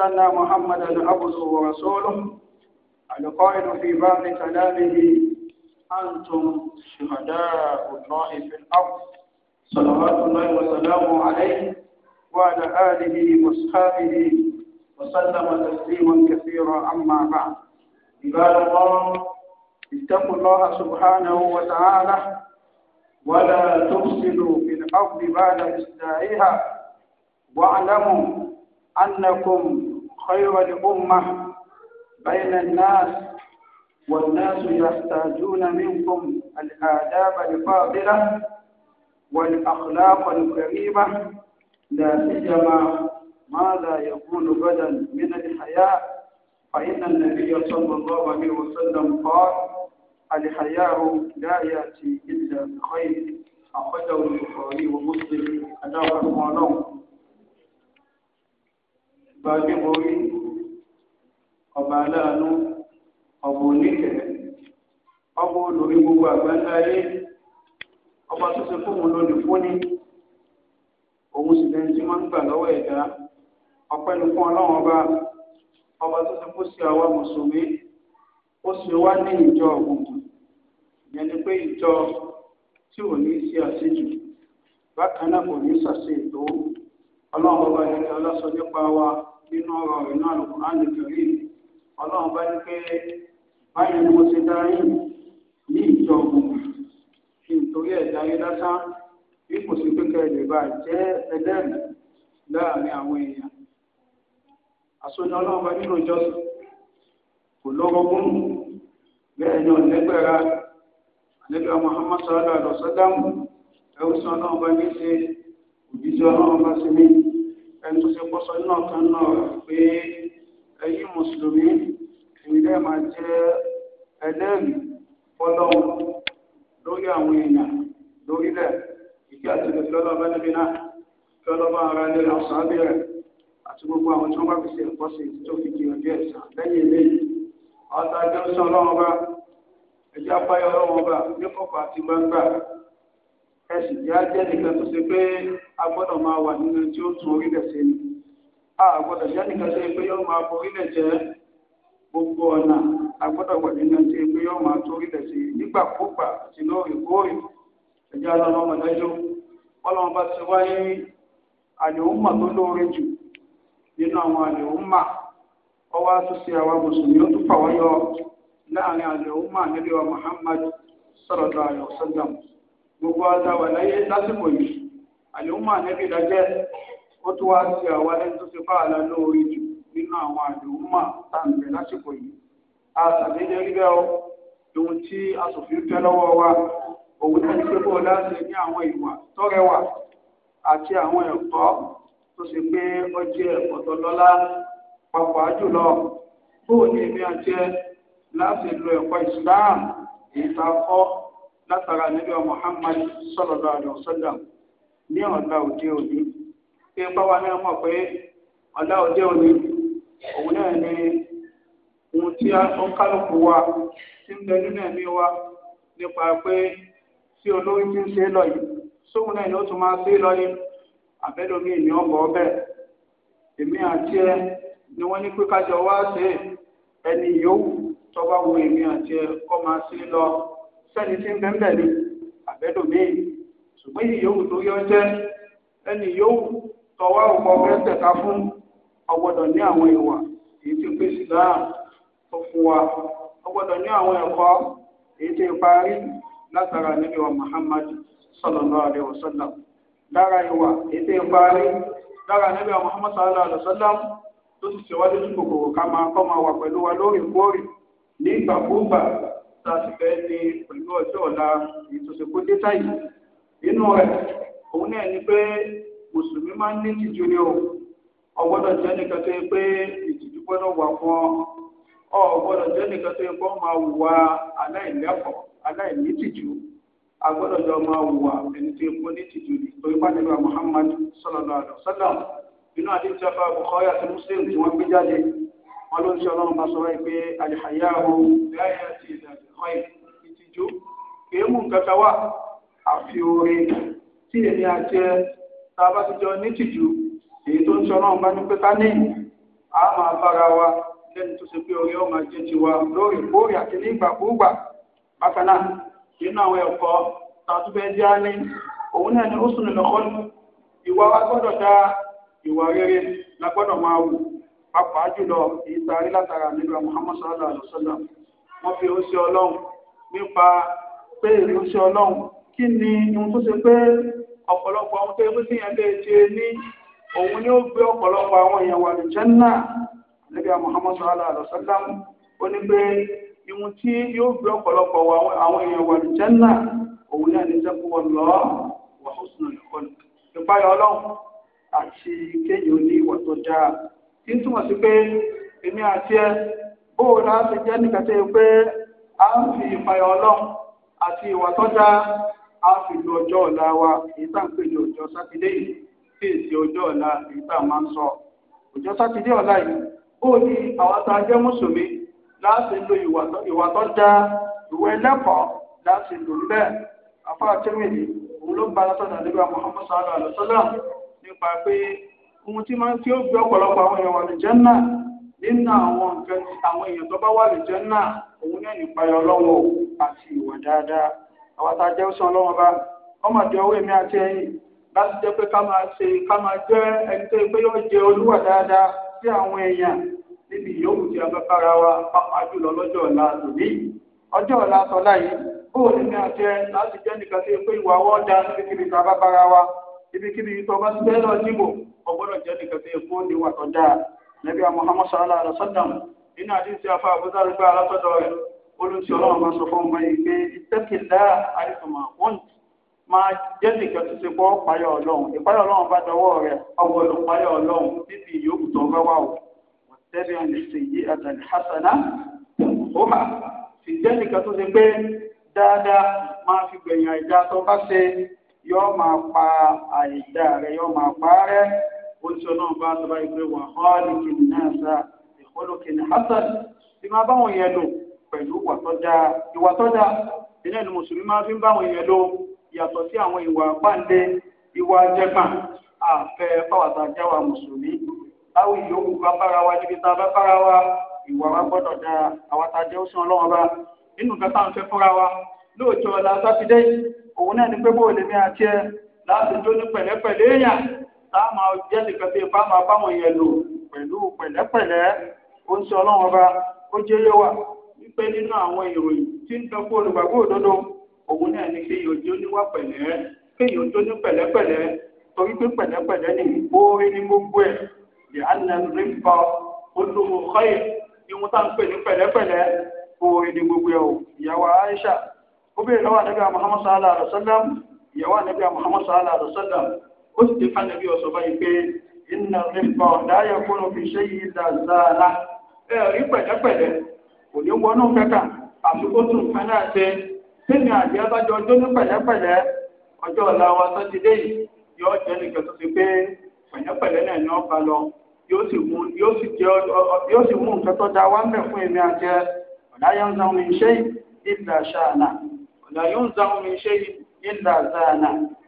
أشهد أن محمدا عبده ورسوله القائل في بعض كلامه أنتم شهداء الله في الأرض صلوات الله وسلامه عليه وعلى آله وأصحابه وسلم تسليما كثيرا أما بعد عباد الله اتقوا الله سبحانه وتعالى ولا تفسدوا في الأرض بعد إصلاحها واعلموا أنكم خير الأمة بين الناس والناس يحتاجون منكم الآداب الفاضلة والأخلاق الكريمة لا سيما ماذا يكون غدا من الحياة فإن النبي صلى الله عليه وسلم قال الحياء لا يأتي إلا بخير أخرجه البخاري ومسلم أداه المعلوم ọba adébórí ọba aláàánú ọba oníkẹ ọba olórí gbogbo àgbáńlá ayé ọba tó ṣe fóun lónìí fúnni òun sì lẹni tí wọn ń gbà lọ́wọ́ ẹ̀dá ọpẹ́ ni fún Ọlọ́run ọba ọba tó ṣe kó sí àwa mùsùlùmí ó sì wá ní ìjọ ògùnkùn ìyẹn ni pé ìjọ tí ò ní sí àṣejù bákan náà kò ní sàṣe ètò Ọlọ́run ọba ẹ̀ka ọlọ́sọ nípa wa. nínú ọ̀rọ̀ inú àlùkùránì kìrì ọlọ́run bá ní pé báyìí ni mo ṣe darí ní ìjọ ògùn kí n torí ẹ̀ darí lásán bí kò sí pípẹ́ lè bá jẹ́ ẹlẹ́rìí láàrin àwọn èèyàn àsọjọ ọlọ́run bá nínú kò bẹ́ẹ̀ ni ẹni tó ṣe pọ́ sọ náà kan náà pé ẹ̀yin mùsùlùmí ẹ̀yin dẹ́ máa jẹ́ ẹlẹ́rìí fọlọ́hún lórí àwọn èèyàn lórílẹ̀ ìdí àtẹ̀lẹ̀ lọ́lọ́ bẹ́lẹ́bí náà lọ́lọ́ bá ara ilé ọ̀sán abẹ́rẹ́ àti gbogbo àwọn tí wọ́n bá fi ṣe ẹ̀kọ́ sí ọjọ́ ẹ̀sán lẹ́yìn ẹ̀sìn tí a jẹ́ nìkan tó ṣe pé a gbọ́dọ̀ máa wà nínú tí ó tún orílẹ̀ ṣe ni a gbọ́dọ̀ jẹ́ nìkan tó ṣe pé yóò máa borílẹ̀ jẹ́ gbogbo ọ̀nà a gbọ́dọ̀ wà nínú tí pé yóò máa orílẹ̀ ṣe nígbàkúgbà àti lóòrèkóòrè ẹ̀jẹ̀ alọ́nà ọlọ́run bá ti wáyé àlèhùnmà tó lóore jù nínú àwọn ọwọ́ àtúnṣe àwa mùsùlùmí ó tún láàrin nílé wa Muhammad gbogbo àtàwà láyé lásìkò yìí àlùmọ́ ànẹ́bí dájẹ́ ó tún wá sí àwa ẹni tó ti fáàlà lóore jù nínú àwọn àlùmọ́ àtàǹfẹ̀ lásìkò yìí a sàdédé rí bẹ́ẹ̀ ohun tí asòfin fẹ́ lọ́wọ́ wa òun náà ní pé bó láti ní àwọn ìwà tó àti àwọn ẹ̀kọ́ tó ṣe pé ó jẹ́ ẹ̀kọ́ lọ́lá pàápàá jùlọ bóò ní èmi àjẹ láti lo ẹ̀kọ́ ìsìláàmù èyí látara níbi Muhammad sọlọdọ alaihi wasallam ní ọ̀la òde òní pé báwa náà ọdụ pé ọ̀la òde òní òun náà ni ohun tí a ń kálukú wa ti ń bẹ wa nípa pé tí olórí ti ń ṣe lọ yìí sóhun náà ni ó tún máa ṣe ni ó èmi àti ẹ ni wọ́n ní pé kájọ wá ẹni yòówù wo èmi àti ẹ kọ́ sẹ́ni tí ń bẹ́ńbẹ́ ni àbẹ́dòmíì ṣùgbọ́n yìí yòówù tó yọ jẹ́ ẹni yòówù tọwọ́ fún ọgbọ́dọ̀ ní àwọn ìwà èyí tí tó fún wa ọgbọ́dọ̀ ní àwọn ẹ̀kọ́ èyí tí parí látara níbi wa Muhammad sallallahu alaihi wasallam lára ìwà èyí tí parí lára níbi wa muhammadu sallallahu alaihi wasallam tó ti ṣèwádìí tó kòkòrò ká máa tá a sì fẹ́ ní pẹ̀lú ọjọ́ ọ̀la ìtòsí kó dé táyì nínú rẹ̀ òun náà ni pé mùsùlùmí máa ń ní ìtìjú ni o ọgbọ́dọ̀ jẹ́ nìkan tó yẹ pé ìtìjú gbọ́dọ̀ wà fún ọ ọgbọ́dọ̀ jẹ́ nìkan tó yẹ pé wọ́n máa wùwà aláìlẹ́kọ̀ọ́ aláìnítìjú agbọ́dọ̀ jọ máa wùwà ẹni tó yẹ pé nítìjú ni torí pàdébà Muhammad sallallahu alaihi wasallam inú àdéhùn tí a fa Bukhari àti Muslim tí wọ́n gbé jáde wọn ló ń ṣe ọlọ́run bá sọ wáyé pé àlìhàyà o láyé àti ìdàgbẹ́ ọ̀yẹ́ ìtìjú kéémù kẹta wà àfi tí èmi àti ẹ a bá ti jọ nítìjú èyí tó ń ṣe ọlọ́run bá ní pé a máa bára wa lẹ́nu tó ṣe pé máa jẹ́ tiwa àti ní bákan náà nínú àwọn ẹ̀kọ́ ní òun náà ni ó sùn ìwà wa gbọ́dọ̀ dá ìwà rere apá jùlọ ìtaari látara nígbà Muhammad sallallahu alaihi wa sallam wọ́n fi ó sí ọlọ́run nípa pé ó sí ọlọ́run kí ni ohun tó ṣe pé ọ̀pọ̀lọpọ̀ ohun tó yẹ kó sí yẹn lè ṣe ní òun ni ó gbé ọ̀pọ̀lọpọ̀ àwọn èèyàn wà ní jẹ́nà nígbà Muhammad sallallahu alaihi wa sallam ó ní pé ìhun tí yóò gbé ọ̀pọ̀lọpọ̀ àwọn èèyàn wà ní jẹ́nà òun náà ní sẹ́kùwọ̀ lọ́ọ́ wà ó sùn ìpayọ̀ ọlọ́run àti kéèyàn ní ìwà tó dáa tí ń túmọ̀ sí pé èmi àti ẹ bóò láti jẹ́ nìkan pé a ń fi ìpayà ọlọ́run àti ìwà tọ́já a fi lu ọjọ́ ọ̀la wa èyí tá à ń pè ní ọjọ́ sátidé yìí kí èsì ọjọ́ ọ̀la èyí tá à máa ń sọ ọjọ́ sátidé ọ̀la yìí bóò ni àwọn tá a jẹ́ mùsùlùmí láti lo ìwà tọ́já ìwé ẹlẹ́kọ̀ọ́ láti lò ń bẹ́ẹ̀ òun ló ń ohun tí máa ń tí ó gbé ọ̀pọ̀lọpọ̀ àwọn èèyàn wà lè jẹ́ náà nínú àwọn nǹkan tí àwọn èèyàn tó bá wà lè jẹ́ náà òun náà nípayọ ọlọ́wọ́ àti ìwà dáadáa àwọn tá a jẹ́ sọ ọlọ́wọ́ bá ọmọ àti ọwọ́ èmi àti láti jẹ́ dáadáa a bá wa pàápàá jùlọ lọ́jọ́ ọ̀la tòbí ọjọ́ ọ̀la tọ́lá yìí bóò ní àti ẹ láti jẹ́ nìkan tí pé ìwà wa ibikíbi tó bá ọgbọ́dọ̀ jẹ́ nìkan tó yẹ kó ní wà tó dáa nàbí Muhammad sallallahu alaihi wasallam nínú àdínsí afá àbúzá rẹ̀ gbá alátọ́dọ̀ rẹ̀ olùsí ọlọ́run bá sọ fún ọmọ yìí pé ìtẹ́kìlá àìsùnmọ̀ wọ́n máa jẹ́ nìkan tó ṣe gbọ́ páyọ̀ ọlọ́run ìpáyọ̀ ọlọ́run bá dọwọ́ rẹ̀ ọgbọ́dọ̀ páyọ̀ ọlọ́run níbi ìyókù tó ń bá wà ó tẹ́lẹ̀ ọ̀nà ìṣèyí àtàlẹ̀ hasana ó mà sì jẹ́ nìkan tó ṣe pé dáadáa máa fi gbẹ̀yìn àìdá tó bá ṣe yọ́ máa pa àìdá rẹ̀ yọ́ máa pa rẹ̀ oṣù náà bá tọ́ba ìpè wà ọ́ọ́lìkì náà sá ìkọlùkì ní hasan tí máa báwọn yẹn lò pẹ̀lú ìwà tó dáa ìwà tó dáa ìdílé ni mùsùlùmí máa fi ń báwọn yẹn lò yàtọ̀ sí àwọn ìwà pàǹdé ìwà jẹgbàn àfẹ́ fáwọ̀tà jáwà mùsùlùmí láwù ìyókù bá bára wa níbi tá a bá bára wa ìwà wa gbọ́dọ̀ dáa àwọn tá a jẹ́ òṣùn ọlọ́wọ́n bá nínú nǹkan táwọn fẹ́ fúnra wa lóòjọ́ ọ̀la sátidé òun náà ni pé bóòlù mi àti ẹ láti jó ní pẹ̀lẹ́pẹ̀lẹ́ èèyàn táàmà jẹ́ nìkan tí ipá máa báwọn yẹn lò pẹ̀lú pẹ̀lẹ́pẹ̀lẹ́ ó ń ṣe ọlọ́run ọba ó jẹ́ yé wa wípé nínú àwọn ìròyìn tí ń tọ́kú olùgbàgbọ́ òdodo òun náà ni kéèyàn ojú níwà pẹ̀lẹ́ kéèyàn ojú ní pẹ̀lẹ́pẹ̀lẹ́ torí pé pẹ̀lẹ́pẹ̀lẹ́ ni ìgbóore ní gbogbo ẹ̀ lè á nà rí fa olùmọ tá ń pè ní pẹ̀lẹ́pẹ̀lẹ́ gbóore ní gbogbo ẹ̀ ìyàwó Aisha ó lọ́wọ́ àdébíà Muhammad sallallahu alaihi wa sallam ìyàwó àdébíà Muhammad sallallahu sallam ó sì ti ká nàbí ọ̀sọ̀ báyìí pé iná nípa ọ̀dà ayẹ̀kúnnù fi ṣe yìí dáadáa ẹ rí pẹ̀lẹ́pẹ̀lẹ́ kò ní wọnú kẹta àfikún tún kan náà ṣe sínú àjẹ́ abájọ ọjọ́ ní pẹ̀lẹ́pẹ̀lẹ́ ọjọ́ ọ̀la wa sátidé yìí yóò jẹ́ nìkan tó ti pé pẹ̀lẹ́pẹ̀lẹ́ náà ni wọ́n bá lọ yóò sì mú nǹkan tó da wá ń bẹ̀ fún èmi àjẹ́ ọ̀dà ń zan omi ṣe ìlà ṣáàlà ọ̀dà ń zan omi ṣe ìlà ṣáàlà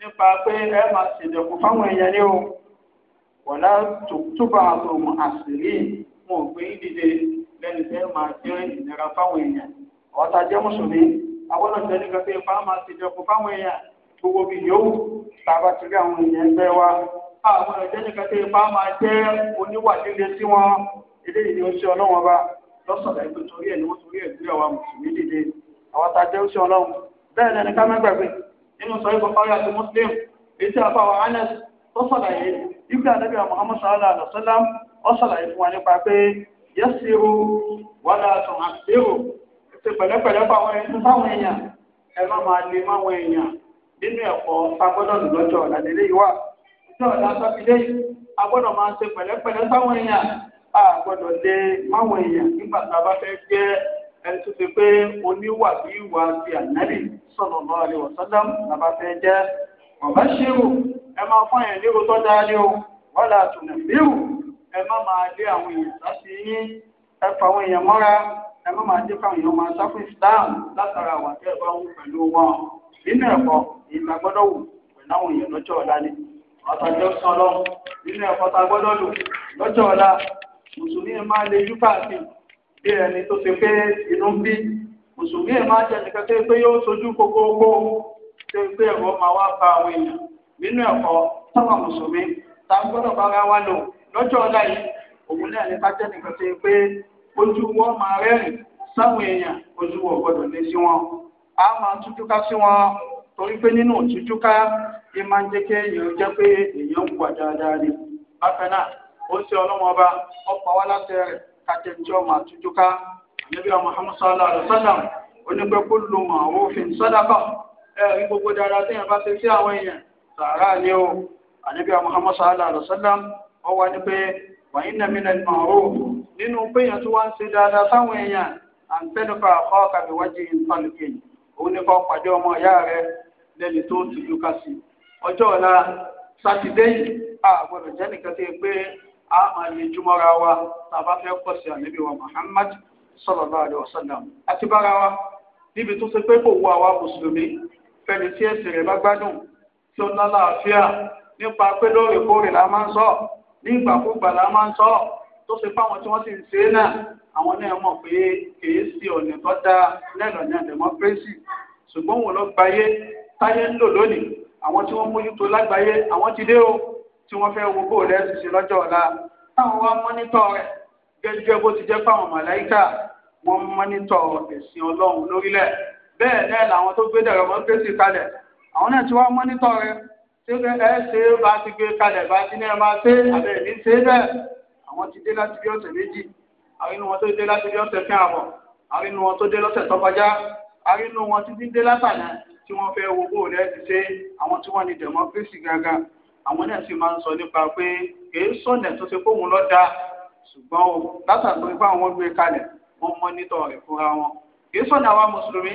nípa pé ẹ máa ṣèdẹ̀kùn fáwọn èèyàn ní o wọ̀lá túbà àtòmù àṣírí mo gbé dìde lẹ́nu tẹ́ máa jẹ́ ìnira fáwọn èèyàn ọ̀tá jẹ́ mùsùlùmí agbọ́dọ̀ jẹ́ nípa pé ipá máa ṣèdẹ̀kùn fáwọn èèyàn gbogbo bí yòówù tàbá ti rí àwọn èèyàn ẹgbẹ́ wa àwọn ọ̀jẹ́ nípa pé ipá máa jẹ́ oníwà líle sí wọn eléyìí ni ó ṣe ọlọ́wọ́n bá lọ́sọ̀dá ìpè torí ẹ̀ ni wọ́n torí ẹ̀ gbé àwa mùsùlùmí dìde àwọn tá a jẹ́ ó ṣe ọlọ́run bẹ́ẹ̀ lẹ́ni ká mẹ́gbàgbé nínú sọ ìbọ̀kọ́rí àti muslim èyí tí a fà wà anas tó sàlàyé ibi àdàbí àwọn muhammad sallallahu alaihi wa sallam ó sàlàyé fún wa nípa pé yẹ́sìrò wàlá àtùn àṣírò ṣe pẹ̀lẹ́pẹ̀lẹ́ fáwọn ẹni fáwọn èèyàn ẹ má máa lè máwọn èèyàn nínú ẹ̀kọ́ agbọ́dọ̀ lọ́jọ́ ọ̀làdélé yìí wà ìjọ ọ̀là sábìlẹ̀ agbọ́dọ̀ máa ṣe pẹ̀lẹ́pẹ̀lẹ́ fáwọn èèyàn àgbọ́dọ̀ lè máwọn ẹni tó ti pé oníwà bí ìwà ti ànábì sallallahu alaihi wasallam nàbà fẹ́ jẹ́ ọ̀bá ṣírù ẹ máa fọ́n yẹn lérò tó dáa ní o wọ́n là tùnà bírù ẹ má máa dé àwọn èèyàn láti yín ẹ fà àwọn èèyàn mọ́ra ẹ má máa dé fáwọn èèyàn máa sáfù islam látara àwọn àti ẹ̀bá wù pẹ̀lú wọn nínú ẹ̀kọ́ ìgbà gbọ́dọ̀ wù pẹ̀lú àwọn èèyàn lọ́jọ́ ọ̀la ni ọ̀tọ̀jọ́ sọ bí ẹni tó ṣe pé inú ń bí mùsùlùmí ẹ̀ máa jẹ́ nìkan tó pé yóò sojú kókóókó tó pé ẹ̀rọ máa wá pa àwọn èèyàn nínú ẹ̀kọ́ táwọn mùsùlùmí ta gbọ́dọ̀ bára wa lò lọ́jọ́ ọ̀la yìí òun náà ní ká jẹ́ nìkan tó pé ojú wọn máa rẹ́rìn sáwọn èèyàn ojú wọn gbọ́dọ̀ lé sí wọn a máa tújúká sí wọn torí pé nínú òtújúká ẹ máa ń jẹ́ kí èèyàn jẹ́ pé èèyàn wà dáadáa ni bákan náà ó ṣe ọlọ́mọba ọ̀pá kájẹ́ tí ọmọ àtújúká ànábì Muhammad sallallahu alaihi wasallam onígbẹ kullu ma'rufin sadaqa ẹ̀rí gbogbo dára téèyàn bá ṣe sí àwọn èèyàn sàárà ni o ànábì Muhammad sallallahu alaihi wasallam ọ wá ní pé wa inna minal ma'ruf nínú péyàn tó wá ń ṣe dáadáa sáwọn èèyàn àǹtẹ́nukọ àkọ́ọ̀kà mi wájú ìtọ́lùkì òun ní kọ́ pàdé ọmọ ìyá rẹ lẹ́ni tó tìjú ká sí ọjọ́ ọ̀la sátidé yìí àgbọ̀dọ̀ jẹ́ nìkan tó yẹ pé a máa wa tàbá fẹ́ pọ̀ sí ànábì wa Muhammad sallallahu alaihi wasallam àti bára wa níbi tó ṣe pé kò wọ àwa mùsùlùmí fẹ́ni tí ẹ̀sìn rẹ̀ bá gbádùn tí ó ná láàfíà nípa pé lóòrèkóòrè la máa ń sọ ní ìgbàkúgbà la máa ń sọ tó ṣe fáwọn tí wọ́n sì ń ṣe náà àwọn náà mọ̀ pé kìí sí ọ̀nà tó dáa lẹ́nà ní democracy ṣùgbọ́n wọn lọ gbayé táyé ń lò lónìí àwọn tí wọ́n mójútó lágbàáyé àwọn ti dé o tí wọ́n fẹ́ wo bóòlù ẹ̀sùn sí lọ́jọ́ ọ̀la táwọn wá mọ́nítọ̀ rẹ̀ gẹ́gẹ́ bó ti jẹ́ fáwọn màláìkà wọ́n mọ́nítọ̀ ẹ̀sìn ọlọ́run lórílẹ̀ bẹ́ẹ̀ náà làwọn tó gbé dẹ̀rọ̀ wọn pèsè kalẹ̀ àwọn náà ti wá mọ́nítọ̀ rẹ̀ ṣé ẹ ṣe é bá ti gbé kalẹ̀ bá ti ní ẹ máa ṣe àbẹ̀ ní ṣe bẹ́ẹ̀ àwọn ti dé láti bí ọ̀sẹ̀ méjì àwọn inú wọn tó dé láti bí ọ̀sẹ̀ fẹ́ àwọ̀ àwọn inú wọn tó dé lọ́sẹ̀ tó kọjá àwọn inú wọn ti dé látàná tí wọ́n fẹ́ wo bóòlù ẹ̀ ti ṣe àwọn tí wọ́n ní democracy gangan àwọn náà sì máa ń sọ nípa pé kìí sọ̀nà tó ṣe fóun lọ́dà ṣùgbọ́n o látàgbé pé àwọn gbé kalẹ̀ wọ́n mọ́nítọ̀ rẹ̀ fúnra wọn kìí sọ̀nà àwa mùsùlùmí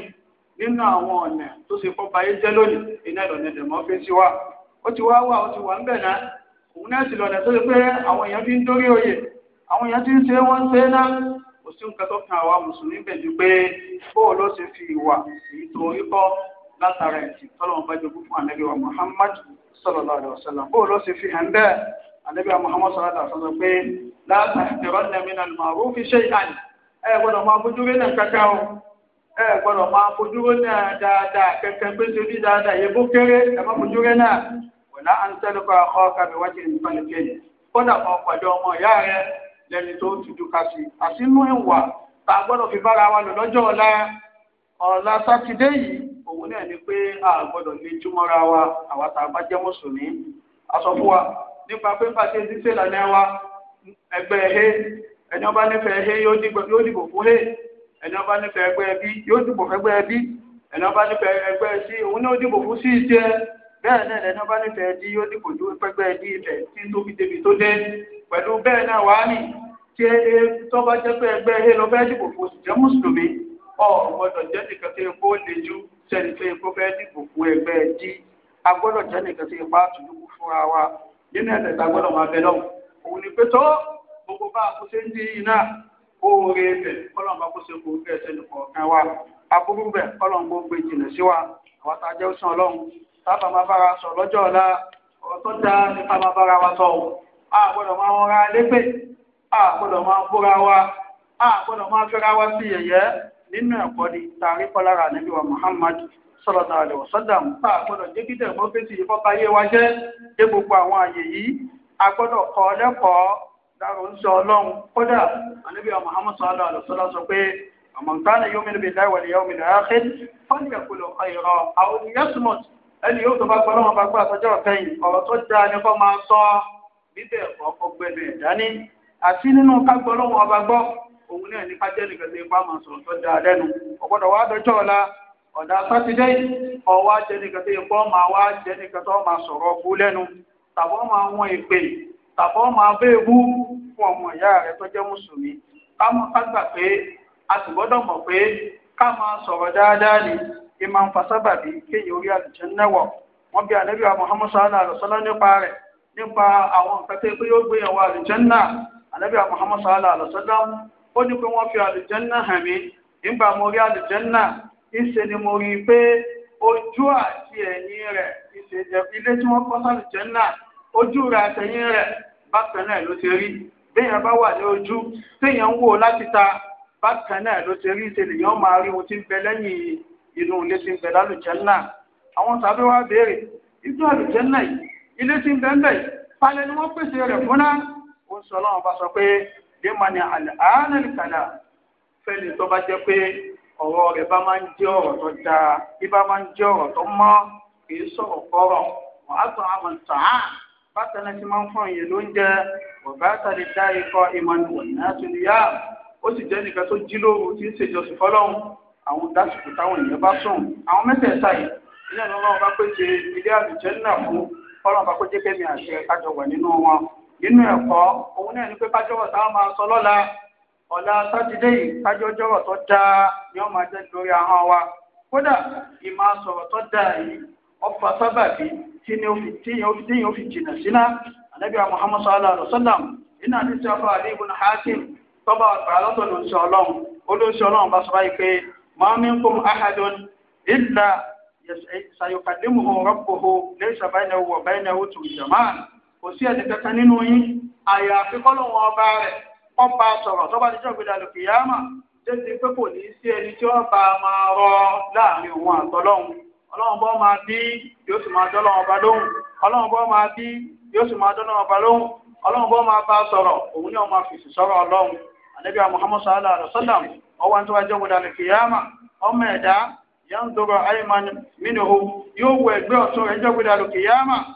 nínú àwọn ọ̀nà tó ṣe fọ́ba ayé jẹ́ lónìí iná ìlọ̀nà dẹ̀mọ́fẹ́sì wa ó ti wá wà ó ti wà ń bẹ̀ náà òun náà sì lọ̀nà tó ṣe pé àwọn èèyàn fi ń dórí oyè àwọn èèyàn ti ń ṣe wọ́n ń ṣe náà kò sí nǹkan tó kan àwa mùsùlùmí bẹ̀ ju pé bóòlù ó ṣe fi ìwà èyí kọ́ látara ẹ̀sìn tọ́lọ́wọ́n bá jogún fún ànábì wa Muhammad sallallahu alaihi wasallam bó ló ṣe fi hàn bẹ́ẹ̀ ànábì wa Muhammad sallallahu alaihi wasallam pé láti ẹ̀rọ nẹ̀mínà màrún fi ṣe ìhàn ẹ gbọ́dọ̀ máa fojú rí náà kankan o ẹ gbọ́dọ̀ máa fojú rí náà dáadáa kẹ̀kẹ́ pé ṣe bí dáadáa yẹ bó kéré ẹ má fojú rí náà wọ̀lá à ń tẹ́lẹ̀kọ́ ọkọ̀ kàbí wájú ìfọ̀lẹ́kẹ́yìn kódà òun náà ni pé a gbọdọ̀ lè wa àwa tá a bá jẹ́ mùsùlùmí a sọ fún wa nípa pé pàṣẹ ṣíṣe ìlànà wa ẹgbẹ́ he ẹni ọba nífẹ̀ẹ́ he yóò dìbò fún he ẹni ọba nífẹ̀ẹ́ ẹgbẹ́ ẹbí yóò dìbò ẹbí ẹni ọba nífẹ̀ẹ́ ẹgbẹ́ sí òun náà dìbò fún sí ìjẹ bẹ́ẹ̀ náà ẹni ọba nífẹ̀ẹ́ yóò dìbò ju ju sẹ́ni pé kó fẹ́ dìbò fún ẹgbẹ́ dí a gbọ́dọ̀ jẹ́ nìkan tí ipa àtúndúkú fúnra wa nínú ẹ̀sẹ̀ tá a gbọ́dọ̀ máa bẹ lọ́wọ́ òun ni pé tó gbogbo bá a kó ṣe ń dín iná oore ibẹ̀ kọ́lọ́n bá kó ṣe kó bẹ́ẹ̀ sẹ́ni kọ̀ọ̀kan wa aburú bẹ̀ kọ́lọ́n kó gbé jìnà sí wa àwọn tá a jẹ́ òsàn ọlọ́run tábà máa bára sọ lọ́jọ́ ọ̀la ọ̀rọ̀ tó dáa máa bára wa sọ a gbọ́dọ̀ máa wọn ra nínú ẹ̀kọ́ ni tààrí kọ́ lára wa Muhammad sallallahu alaihi wasallam ń pa àgbọ́dọ̀ débìtẹ̀ mọ́fẹ́sì yìí kọ́ báyé wa jẹ́ dé gbogbo àwọn àyè yìí àgbọ́dọ̀ kọ́ lẹ́kọ̀ọ́ dára ń sọ ọlọ́run kódà ànábì wa Muhammad sallallahu alaihi wasallam sọ pé man kana yu'minu billahi wal yawmil akhir falyaqul khayran aw liyasmut ẹni yóò tó bá gbọ́ lọ́wọ́ bá gbọ́ àtọ́jọ́ ọ̀tẹ́yìn ọ̀rọ̀ tó dáa ni kó máa sọ bíbẹ̀ ọ̀pọ̀ gbẹ̀bẹ̀ òun n'i ní kájẹ́ nìkan ṣe bá máa sọ̀rọ̀ tó dáa lẹ́nu ọ̀gbọ́dọ̀ wá dọjọ́ ọ̀la ọ̀dà sátidé ọ̀wá jẹ́ nìkan ṣe máa wá jẹ́ nìkan máa sọ̀rọ̀ kú lẹ́nu tàbọ́ máa wọn ìpè tàbọ́ máa béèbú fún ọmọ ìyá rẹ tó jẹ́ mùsùlùmí ká gbà pé a sì gbọ́dọ̀ mọ̀ pé ká máa sọ̀rọ̀ dáadáa ni ìmọ̀ ń fa sábàbí kéèyàn orí àlùjẹ́ náwọ̀ wọ́n bí ànábì nípa àwọn nǹkan tó yẹ yóò gbé náà ó ní pé wọ́n fi àlùjànnà hàn mí nígbà mo rí àlùjànnà ìṣe ni mo rí i pé ojú àti ẹ̀yìn rẹ̀ ìṣe ilé tí wọ́n kọ́ sàlùjànnà ojú rẹ̀ àtẹ̀yìn rẹ̀ bákan náà ló ti rí béèyàn bá wà ní ojú téèyàn ń wò láti ta bákan náà ló ti rí ìṣẹ̀lẹ̀ yẹn máa rí ohun tí ń bẹ lẹ́yìn inú ilé tí ń bẹ lálùjànnà àwọn tàbí wá béèrè ìjọ àlùjànnà yìí ilé tí ń bẹ yìí falẹ̀ ni wọ́n pèsè rẹ̀ fúnná ó ń sọ ọlọ́run bá sọ pé ìmọ̀ni àlàálẹ̀ kàlà fẹ́ni tó bá jẹ́ pé ọ̀rọ̀ rẹ̀ bá máa ń jẹ́ ọ̀rọ̀ tó dáa bí bá máa ń jẹ́ ọ̀rọ̀ tó mọ́ kì í sọ̀rọ̀ kọ́rọ̀ wọ́n á tàn àmọ̀ tàn bákan náà ti máa ń fún ìyẹn lóúnjẹ ọ̀gá àtàlè dá ikọ̀ ìmọ̀ni wọ̀nyí àtúnyá ó sì jẹ́ nìkan tó jí lóru tí ń ṣèjọsìn fọlọ́run àwọn dásìkò táwọn èèyàn bá sùn àwọn mẹ́tẹ̀ẹ̀ta yìí ilé ìlú ọlọ́run bá pèsè ilé àlùjẹ́ náà fún ọlọ́run bá pèsè kẹ́mi àṣẹ àjọwà nínú wọn nínú ẹ̀kọ́ òun náà ní pé kájọ́rọ̀ táwọn máa sọ lọ́la ọ̀la sátidé yìí kájọ́jọ́rọ̀ tó dáa ni wọ́n máa jẹ́ lórí ahọ́n wa kódà ìmọ̀ sọ̀rọ̀ tó dáa yìí ọ̀fà sábàbí tíyẹn ó fi jìnà síná ànábì wa Muhammad sallallahu alayhi wa sallam iná ní sí ọba àlè ibùn hakim tọ́ba àgbà lọ́tọ̀ ló ń sọ ọlọ́run olóṣù ọlọ́run bá sọ báyìí pé ma minkum ahadun illa sayukadimuhu rabbuhu laysa baynahu wa baynahu turjaman kò sí ẹni kankan nínú yín àyàfi kọ́lọ́hún ọba rẹ̀ ọba sọ̀rọ̀ tọ́ba níjọ́ ìgbéra lòkè yáàmà débi pé kò ní sí ẹni tí wọ́n bá máa rọ láàrin òun àtọ́lọ́hún ọlọ́run bọ́ máa bí yóò sì máa dọ́lọ́run ọba ọlọ́run bọ́ máa bí yóò sì máa ọba lóhùn ọlọ́run bọ́ máa bá sọ̀rọ̀ òun ni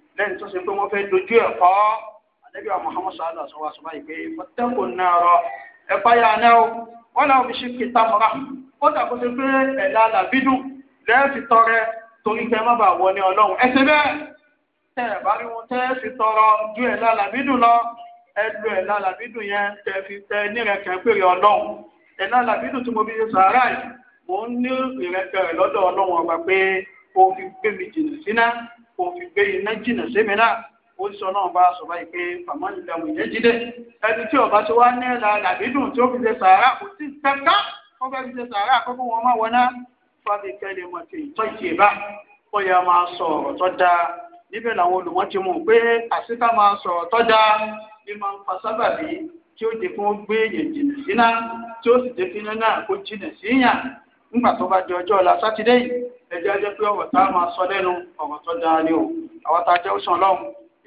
lẹ́yìn tó ṣe pé wọ́n fẹ́ dojú ẹ̀ kọ́ ànábì Muhammad sallallahu alaihi wa sallam ìpè fọ́tẹ́kù náà rọ ẹ páyà náà o wọ́n náà fi ṣe kìtà mọ́ra ó dàgbọ́ ṣe pé ẹ̀dá làbídùn lẹ́ẹ̀fì tọrẹ torí kẹ́ má bàa wọ ní ọlọ́run ẹ ṣe bẹ́ẹ̀ tẹ́ ẹ̀ bá rí wọn tẹ́ fi tọrọ ju ẹ̀dá làbídùn lọ ẹ lu ẹ̀dá làbídùn yẹn tẹ́ fi tẹ nírẹ̀kẹ́ péré ọlọ́run ẹ̀dá làbídùn tí mo fi ṣe sàárà yìí mò ń ní ìrẹ́kẹ̀ rẹ̀ lọ́dọ̀ ọlọ́run ọba pé o fi gbé mi jìnnà síná kò fi gbé iná jìnà sémi náà ó sọ náà bá sọ báyìí pé fàmọ́ ìdààmú ìjẹ́jídé ẹni tí ọba ti wá ní ẹ̀la làbídùn tí ó fi ṣe sàárà kò sí kẹta ó fẹ́ fi ṣe sàárà kókó wọn má wọná fàbíkẹ́lẹ́ mọ̀tì ìtọ́jì ìbá ó yẹ máa sọ ọ̀rọ̀ tó dáa níbẹ̀ làwọn olùmọ̀ ti mú pé àṣìká máa sọ ọ̀rọ̀ tó dáa bí máa ń fa sábàbí tí ó jẹ́ kí gbé èèyàn jìnà síná tí ó sì jẹ́ kí iná náà kó jìnà síyàn nígbà tó bá di ọjọ́ ọ̀la sátidé yìí ẹjẹ́ ajẹ́ pé ọ̀rọ̀ tá a máa sọ lẹ́nu ọ̀rọ̀ tó dáa ni o àwọn tá a jẹ́ òṣàn lọ́hùn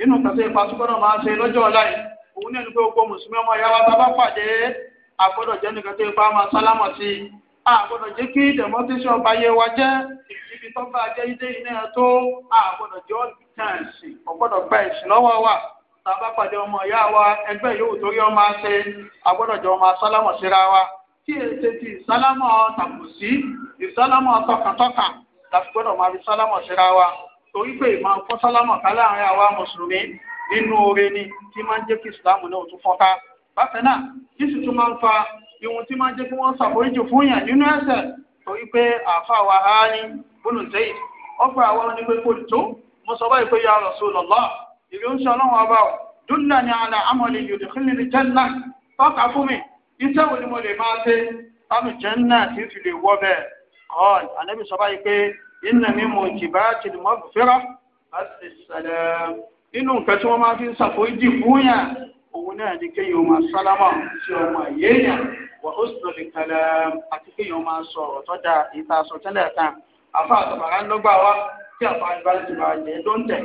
inú tẹ̀sẹ̀ ipa tó gbọ́dọ̀ máa ṣe lọ́jọ́ ọ̀la yìí òun náà ní pé gbogbo mùsùlùmí ọmọ ìyá wa tá a bá pàdé àgbọ́dọ̀ jẹ́ nìkan tó ipa máa sálámọ̀ sí i àgbọ́dọ̀ jẹ́ kí democration ọba yẹ wa jẹ́ ibi tó bá jẹ́ ilé iná a jẹ́ ọmọ asálámọ̀ tí èsè ti ìsálámọ̀ tàbùsí ìsálámọ̀ tọkàntọkàn láti gbọ́dọ̀ máa fi sálámọ̀ síra wa torí pé ìmọ̀ fún sálámọ̀ ká láàrin àwa mùsùlùmí nínú oore ni tí máa ń jẹ́ kí ìsìlámù náà tún fọ́nká bákan náà kí sì tún máa ń fa ihun tí máa ń jẹ́ kí wọ́n ṣàforíjì fún yàn nínú ẹ̀ṣẹ̀ torí pé àáfà wa á ní bólúndéyì ọgbà àwọn onígbèkúlù tó mo sọ báyìí pé ya Rasulullah ìlú ń ṣe ọlọ́run ọba dúnlẹ̀ ni àlà amọ̀lẹ̀ yòdì iṣẹ́ wo ni mo lè máa ṣe tánù jẹ́nà tí fi lè wọ́ bẹ́ẹ̀ kọ́ọ̀lù ànábì sọ báyìí pé iná mi mọ̀ jìbá ti lè mọ́ fẹ́rọ́ láti ṣẹlẹ̀ nínú nǹkan tí wọ́n máa fi ń ṣàforíjì fún yàn òun náà ni kéèyàn máa sálámà sí ọmọ àyèèyàn wà ó sì lè kẹlẹ àti kéèyàn máa sọ ọ̀rọ̀ tó dáa ìta sọ tẹ́lẹ̀ kan àfa àtàbàrà ń lọ́gbà wá tí àfa àgbà ti bàjẹ́ ló ní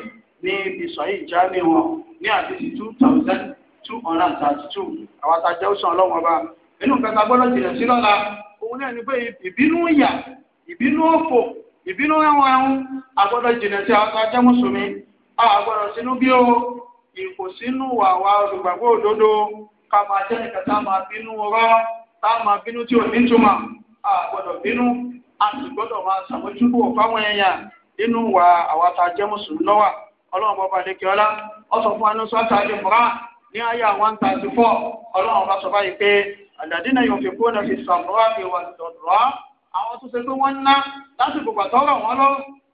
ibi sọ̀yìn jáde wọn ní àdìsí two thousand two hundred and thirty two àwọn àtàjẹ́ òṣàn ọlọ́run ọba inú kẹta gbọ́dọ̀ jìnà sí lọ́la òun náà ni pé ìbínú ìyà ìbínú òfò ìbínú ẹ̀wọ̀n ẹ̀hún agbọ́dọ̀ jìnà sí àwọn àtàjẹ́ mùsùlùmí agbọ́dọ̀ sínú bí o ìkò sínú àwa olùgbàgbọ́ òdodo ká máa jẹ́ nìkan tá máa bínú ọ̀rọ̀ tá máa bínú tí ò ní túmọ̀ agbọ́dọ̀ bínú a sì gbọ́dọ̀ máa ṣàmójúkú fáwọn èèyàn nínú wa àwa àtàjẹ́ mùsùlùmí lọ́wà ọlọ́run bọ́ba lẹ́kẹ́ ọlá ọ sọ fún anúṣọ́ àtàjẹ́ mùrá ní àyà one thirty four ọlọ́run bá sọ báyìí pé àdàdínà yóò fi kúrò náà fi sàmúrà fi wà dọ̀dọ̀rọ̀ àwọn tó ṣe pé wọ́n ná lásìkò pàtó ọ̀rọ̀ wọn lọ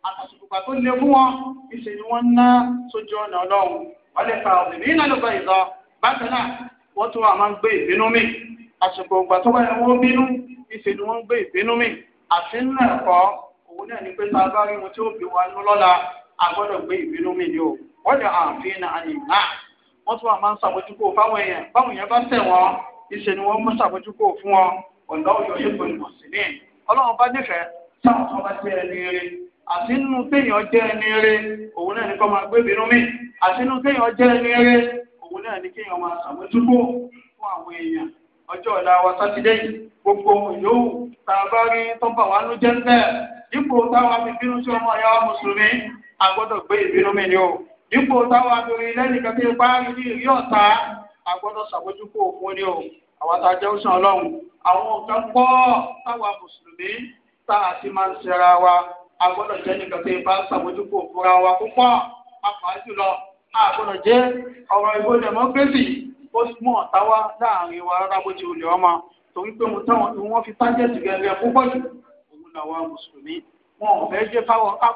àtàsìkò pàtó lé fún wọn ìṣe ni wọ́n ná sójú ọ̀nà ọlọ́run wọ́n lè fa òbí náà ló bá ìlọ bákan náà wọ́n tún wà máa ń gbé ìbínú mi àsìkò ìgbà tó wọ́n bínú ìṣe ni wọ́n ń gbé ìbínú mi àti nínú ẹ̀kọ́ òun náà ni pé tá a bá rí wọn tí ó bí wa lọ́la a gbé ìbínú mi ni o wọ́n lè àǹfin àyè náà wọ́n tún wà máa ń fáwọn èèyàn fáwọn èèyàn bá tẹ̀ wọ́n ìṣe ni wọ́n mú fún wọn ọ̀nà òyò ní kò ọlọ́run bá nífẹ̀ẹ́ sáwọn tó bá jẹ́ ẹni rere àti nínú téèyàn jẹ́ ẹni òun náà ní kó máa gbé bínú mì àti téèyàn jẹ́ ẹni òun náà ní fún àwọn èèyàn ọjọ́ ọ̀la wa gbogbo tá a bá rí tó bá dípò ọmọ mùsùlùmí dípò táwọn abẹ́rẹ́ lẹ́nìkan tí ipa rí ní ìrí ọ̀tá àgbọ́dọ̀ ṣàbójúkú òfin ni o àwọn tá a jẹ́ òṣàn ọlọ́run àwọn nǹkan pọ̀ táwa mùsùlùmí tá a ti máa ń ṣera wa àgbọ́dọ̀ jẹ́ nìkan tí ipa ṣàbójúkú òfúnra wa púpọ̀ pàápàá jùlọ àgbọ́dọ̀ jẹ́ ọ̀rọ̀ ìbò democracy ó mú ọ̀tá wá láàrin wa rárá bó ti wulẹ̀ ọmọ torí pé mo táwọn ni wọ́n fi tájẹ́tì gẹ́gẹ́ púpọ̀ jù òun làwọn mùsùlùmí wọn ò fẹ́ jẹ́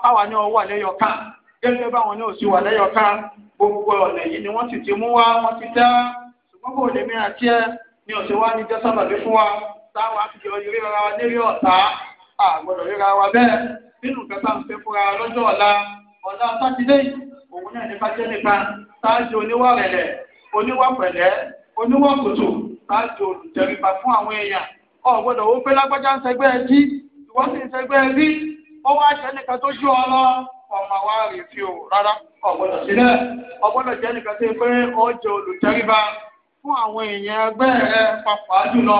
káwa ní ọwọ́ àlẹ́yọ káà gẹ́gẹ́ báwọn náà sì wà lẹ́yọ̀ká gbogbo ọ̀nà yìí ni wọ́n sì ti mú wá wọ́n ti dá ṣùgbọ́n kò lè mí àti ẹ ní ọ̀sẹ̀ wá ní jẹ́sàbàbí fún wa táwa ti jọ ríra wa lérí ọ̀tá àgbọ̀dọ̀ ríra wa bẹ́ẹ̀ nínú kẹta ń fẹ́ fúnra lọ́jọ́ ọ̀la ọ̀la sátidé òun náà ní fájẹ́ nìkan ṣáájú oníwà rẹ̀lẹ̀ oníwà pẹ̀lẹ́ oníwà kùtù ṣáájú olùtẹríba fún àwọn èèyàn ọ̀gbọ́dọ̀ ó pé lágbájá ń ṣẹgbẹ́ ẹjí ìwọ́sìn ń ẹbí ó wá ṣẹ́ nìkan tó jú ọ lọ ọmọ wa rè fi o rárá ọ̀gbọ́dọ̀ sílẹ̀ ọ̀gbọ́dọ̀ jẹ́ nìkan tó yẹ pé fún àwọn èèyàn ẹgbẹ́ rẹ pàápàá jùlọ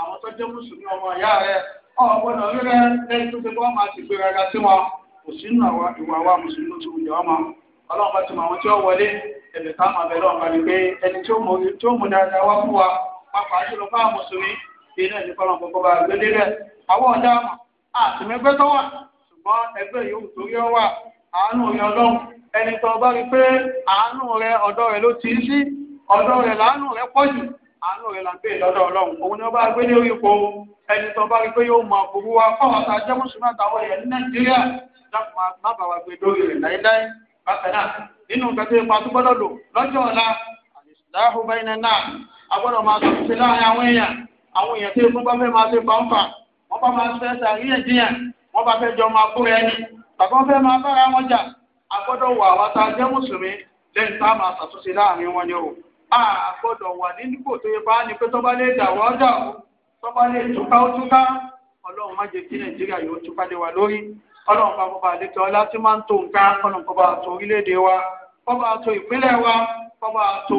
àwọn tó jẹ́ mùsùlùmí ọmọ ìyá rẹ ọ̀gbọ́dọ̀ rírẹ lẹ́yìn tó fi máa ti sí wọn kò ìwà wa mùsùlùmí tó wùjọ ọmọ ọlọ́run bá ti mọ àwọn tí ó wọlé máa bẹ̀rẹ̀ pé ẹni wa gbogbo bá gbé délẹ̀ àwọn ọ̀dà àtìmẹ́gbẹ́ àánú rẹ ọlọ́run ẹni tó bá rí pé àánú rẹ ọ̀dọ̀ rẹ ló ti ń sí ọ̀dọ́ rẹ láánú rẹ pọ̀ jù àánú rẹ là ń bèèrè ìdọ́dọ̀ ọlọ́run òun ni wọ́n bá gbé lórí ipò ẹni tó bá rí pé yóò mọ àbúrú ní nàìjíríà dákùnmá má bàa gbé tàbí wọ́n fẹ́ máa bára wọn jà a gbọ́dọ̀ wà wá tá a jẹ́ mùsùlùmí lẹ́yìn tá a máa ṣàtúnṣe láàrin wọn ni o a gbọ́dọ̀ wà ní nípò tó yẹ bá ní pé tó bá lè dà wọ́n dà o tó bá lè túká ó túká ọlọ́run má jẹ́ kí nàìjíríà yóò túká lé wa lórí ọlọ́run bá bọ́ba àlejò ọlá tí máa ń tó nǹkan ọlọ́run bọ́ba àtò orílẹ̀ wa bọ́ba àtò ìpínlẹ̀ wa bọ́ba àtò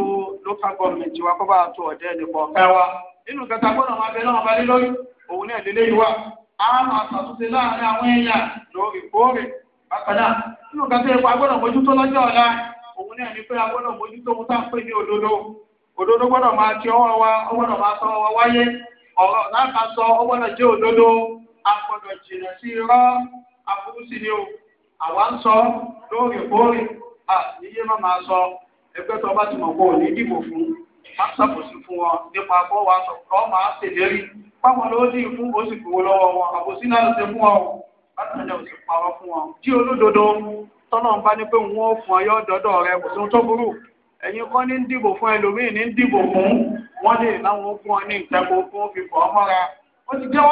local government wa bọ́ba àtò ọ̀dẹ́ ẹnìkọ̀ọ̀kan wa nínú kẹta gbọ́dọ̀ máa bẹ náà balẹ̀ lórí òun náà lélẹ́yìí wa àmà àtàtúnṣe láàrin àwọn ẹ̀yà lóòrèkóòrè bákan náà nínú kan tó yẹ kó agbọ́dọ̀ mójútó lọ́jọ́ ọ̀la òun náà ni pé agbọ́dọ̀ mójútó ohun tá à ń ní òdodo òdodo gbọ́dọ̀ máa ti ọwọ́ wa máa sọ ọwọ́ wáyé ọ̀rọ̀ láǹkà sọ jẹ́ òdodo a jìnà sí irọ́ àfúrúsí ni o àwa ń sọ à níyé má máa sọ má ṣàkóso fún wọn nípa bọ́ wa sọ ọ́ máa ṣèlérí pápá ló dín fún oṣù lọ́wọ́ wọn àbòsí náà fún wọn o látàrí náà sì parọ́ fún wọn. jí olódodo tọ́nà ń bá ní pé fún ọyọ́ dọ́dọ̀ rẹ kò sóhun tó burú ní ń fún ẹlòmíín ní ń dìbò fún lè láwọn ó fún ní ìtẹ́kọ̀ fún fi kọ́ fún wọn lẹ́yìn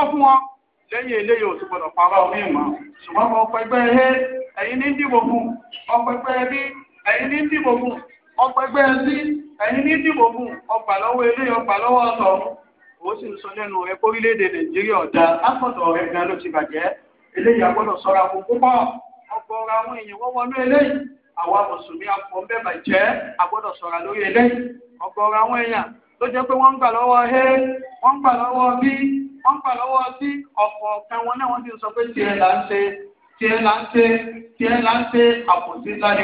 ò fún ẹni ní ìdìbò fún ọgbà lọ́wọ́ eléyìí ọgbà lọ́wọ́ ọ̀tọ̀ òun sì ń sọ lẹ́nu rẹ̀ kórílẹ̀-èdè nàìjíríà ọ̀dà lápọ̀tọ̀ rẹ̀ gan ló ti bàjẹ́ eléyìí agbọ́dọ̀ sọ́ra fún púpọ̀ ọgbọ̀ọ̀rọ̀ àwọn èèyàn wọ́n wọnú eléyìí àwa mùsùlùmí ń agbọ́dọ̀ sọ́ra lórí eléyìí àwọn èèyàn ló jẹ́ pé wọ́n ń gbà lọ́wọ́ wọ́n ń gbà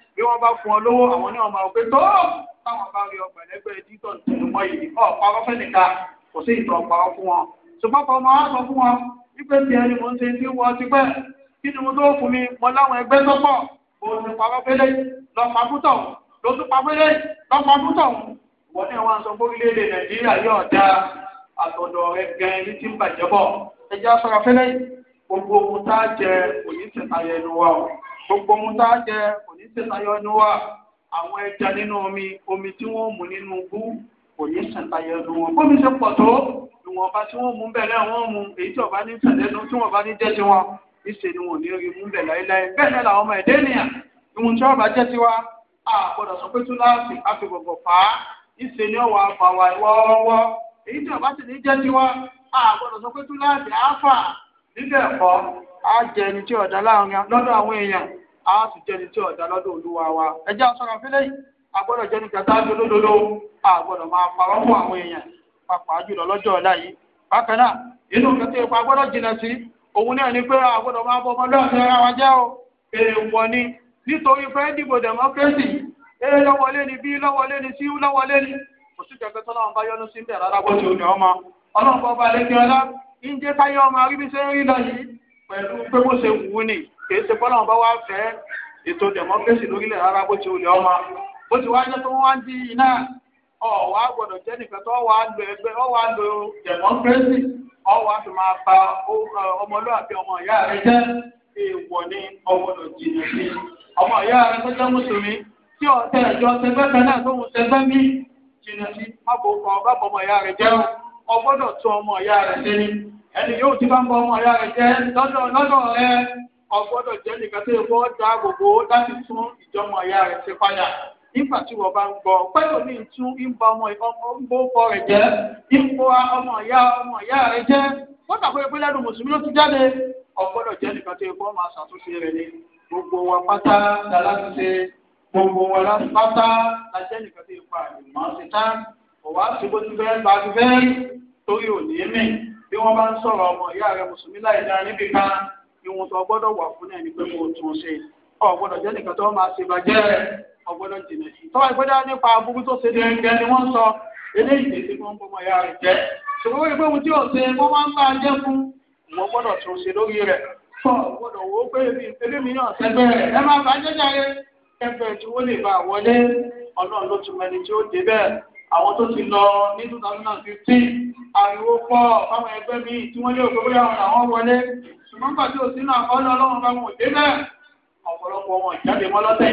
bí wọ́n bá fún ọ lówó àwọn ní ọmọ òpé tó táwọn bá rí ọgbà lẹ́gbẹ̀ẹ́ dítọ̀ nìmọ̀ yìí ọ̀pá ọfẹ́ nìka kò sí ìtọ̀ ọ̀pá fún wọn. ṣùgbọ́n ọmọ wa sọ fún wọn wípé ti ẹni mo ń ṣe tí wọ́n ti pẹ́ kí ni mo tó fún mi mo láwọn ẹgbẹ́ tó pọ̀ òun ni pàápẹ́lẹ́ lọ́pàá pútọ̀ ló tún pàápẹ́lẹ́ lọ́pàá pútọ̀ wọ́n ní àwọn aṣọ orílẹ̀-èdè nàìjíríà yóò da àtọ̀dọ̀ rẹ̀ gan ẹni tí ń bàjẹ́ bọ̀ ẹjẹ́ aṣọra fẹ́lẹ́ gbogbo ohun tá a jẹ òyìn tẹ̀tayẹ gbogbo ohun tá a jẹ ní ṣètayọ ẹnu wa àwọn ẹja nínú omi omi tí wọ́n mú nínú bú kò ní ṣètayọ ẹnu wọn bómi ṣe pọ̀ tó ìwọ̀nba tí wọ́n mú bẹ̀rẹ̀ wọ́n mú èyí tí ọba ní ṣẹ̀lẹ́nu tí wọ́n bá ní jẹ́ tiwa níṣe ni wọn ò ní rí mú bẹ̀ láéláé bẹ́ẹ̀ náà làwọn ọmọ ẹ̀dẹ́ ènìyàn ìwọ̀n tí ọba jẹ́ tiwa a gbọ́dọ̀ sọ pé tún láàfin àfibọ̀bọ̀ fà á níṣe ni ọwọ́ àfà wà ìwọ ọwọ́ èyí tí ọba sì ní jẹ́ tiwa a sọ pé tún láàfin àfà nílẹ̀ ẹ̀kọ́ á jẹ ẹni tí ọ̀dà láàrin lọ́dọ̀ àwọn èèyàn a sì jẹni tí ọ̀dà lọ́dọ̀ olúwa wa ẹjẹ́ aṣọra fílẹ̀ yìí a gbọ́dọ̀ jẹni kẹta lódodo a gbọ́dọ̀ máa parọ́ fún àwọn èèyàn pàápàá jùlọ lọ́jọ́ ọ̀la yìí bákan náà inú kẹta epo a gbọ́dọ̀ jìnà sí òun náà ni pé a máa bọ ara wa o ee ni bí ni sí ni kò sí tó bá yọnu sí kìí ṣe pọ́lọ́wọ́n bá wá fẹ́ ètò democracy lórílẹ̀ rárá bó ti wulẹ̀ ọmọ bó ti wájú tó wá di iná gbọ́dọ̀ jẹ́ nìkan tó lo ẹgbẹ́ lo democracy ó wàá fi máa ba ọmọlúwàbí ọmọ ìyá rẹ jẹ́ èèwọ̀ ni ọgbọ́dọ̀ jìnnà sí ọmọ ìyá rẹ tó jẹ́ mùsùlùmí tí ọ̀tẹ̀ ẹ̀jọ́ tẹgbẹ́ kan náà tó ń tẹgbẹ́ mí jìnnà sí ọgbọ́dọ̀ jẹ́ nìkan tó yẹ kó dáàbò bò ó láti tún ìjọmọ ìyá rẹ̀ ṣe padà nígbà tí wọ́n bá ń gbọ́ pẹ́lú ní tún ń ba ọmọ ìgbókọ̀ rẹ̀ jẹ́ ń kó ọmọ ìyá ọmọ ìyá rẹ̀ jẹ́ wọ́n tàbí pé lẹ́nu mùsùlùmí ló ti jáde ọgbọ́dọ̀ jẹ́ nìkan tó yẹ kó máa ṣàtúnṣe rẹ̀ ni gbogbo wa pátá la láti ṣe gbogbo wa láti pátá la jẹ́ nìkan tó yẹ kó àyè ṣe tán ọ̀wá ti bó ti bẹ́ẹ̀ bá ti bẹ́ẹ̀ torí òní mì bí wọ́n bá ń sọ̀rọ̀ ọmọ ìyá ìwọ̀n tó gbọ́dọ̀ wà fún ẹni pé mo tún ṣe ọ̀gbọ́dọ̀ jẹ́ nìkan tó máa ṣe bàjẹ́ ọ̀gbọ́dọ̀ jìnà sí. tọ́wọ́ ìpẹ́dá nípa aburú tó ṣe dẹ́ngẹ́ ni wọ́n sọ eléyìí tí wọ́n ń bọ́ ọmọ ya rẹ̀ jẹ́ ṣùgbọ́n ìpé ohun tí ò ṣe wọ́n máa ń bá a jẹ́ fún wọn gbọ́dọ̀ tún ṣe lórí rẹ̀ tọ́ gbọ́dọ̀ wò ó pé elémi náà sẹ́gbẹ́ rẹ̀ ẹ máa bá jẹ́jà rẹ̀ ẹgbẹ́ tí wọ́n lè bá wọlé ọlọ́run ló tún mẹni tí ó dé bẹ́ẹ̀ àwọn tó ti lọ ariwo pọ̀ fáwọn ẹgbẹ́ mi tí wọ́n lé òkú bóyá àwọn wọlé ṣùgbọ́n pàtó sínú àkọọ́lẹ̀ ọlọ́run bá wọn ò dé bẹ́ẹ̀ ọ̀pọ̀lọpọ̀ wọn ìjáde mọ́ lọ́tẹ̀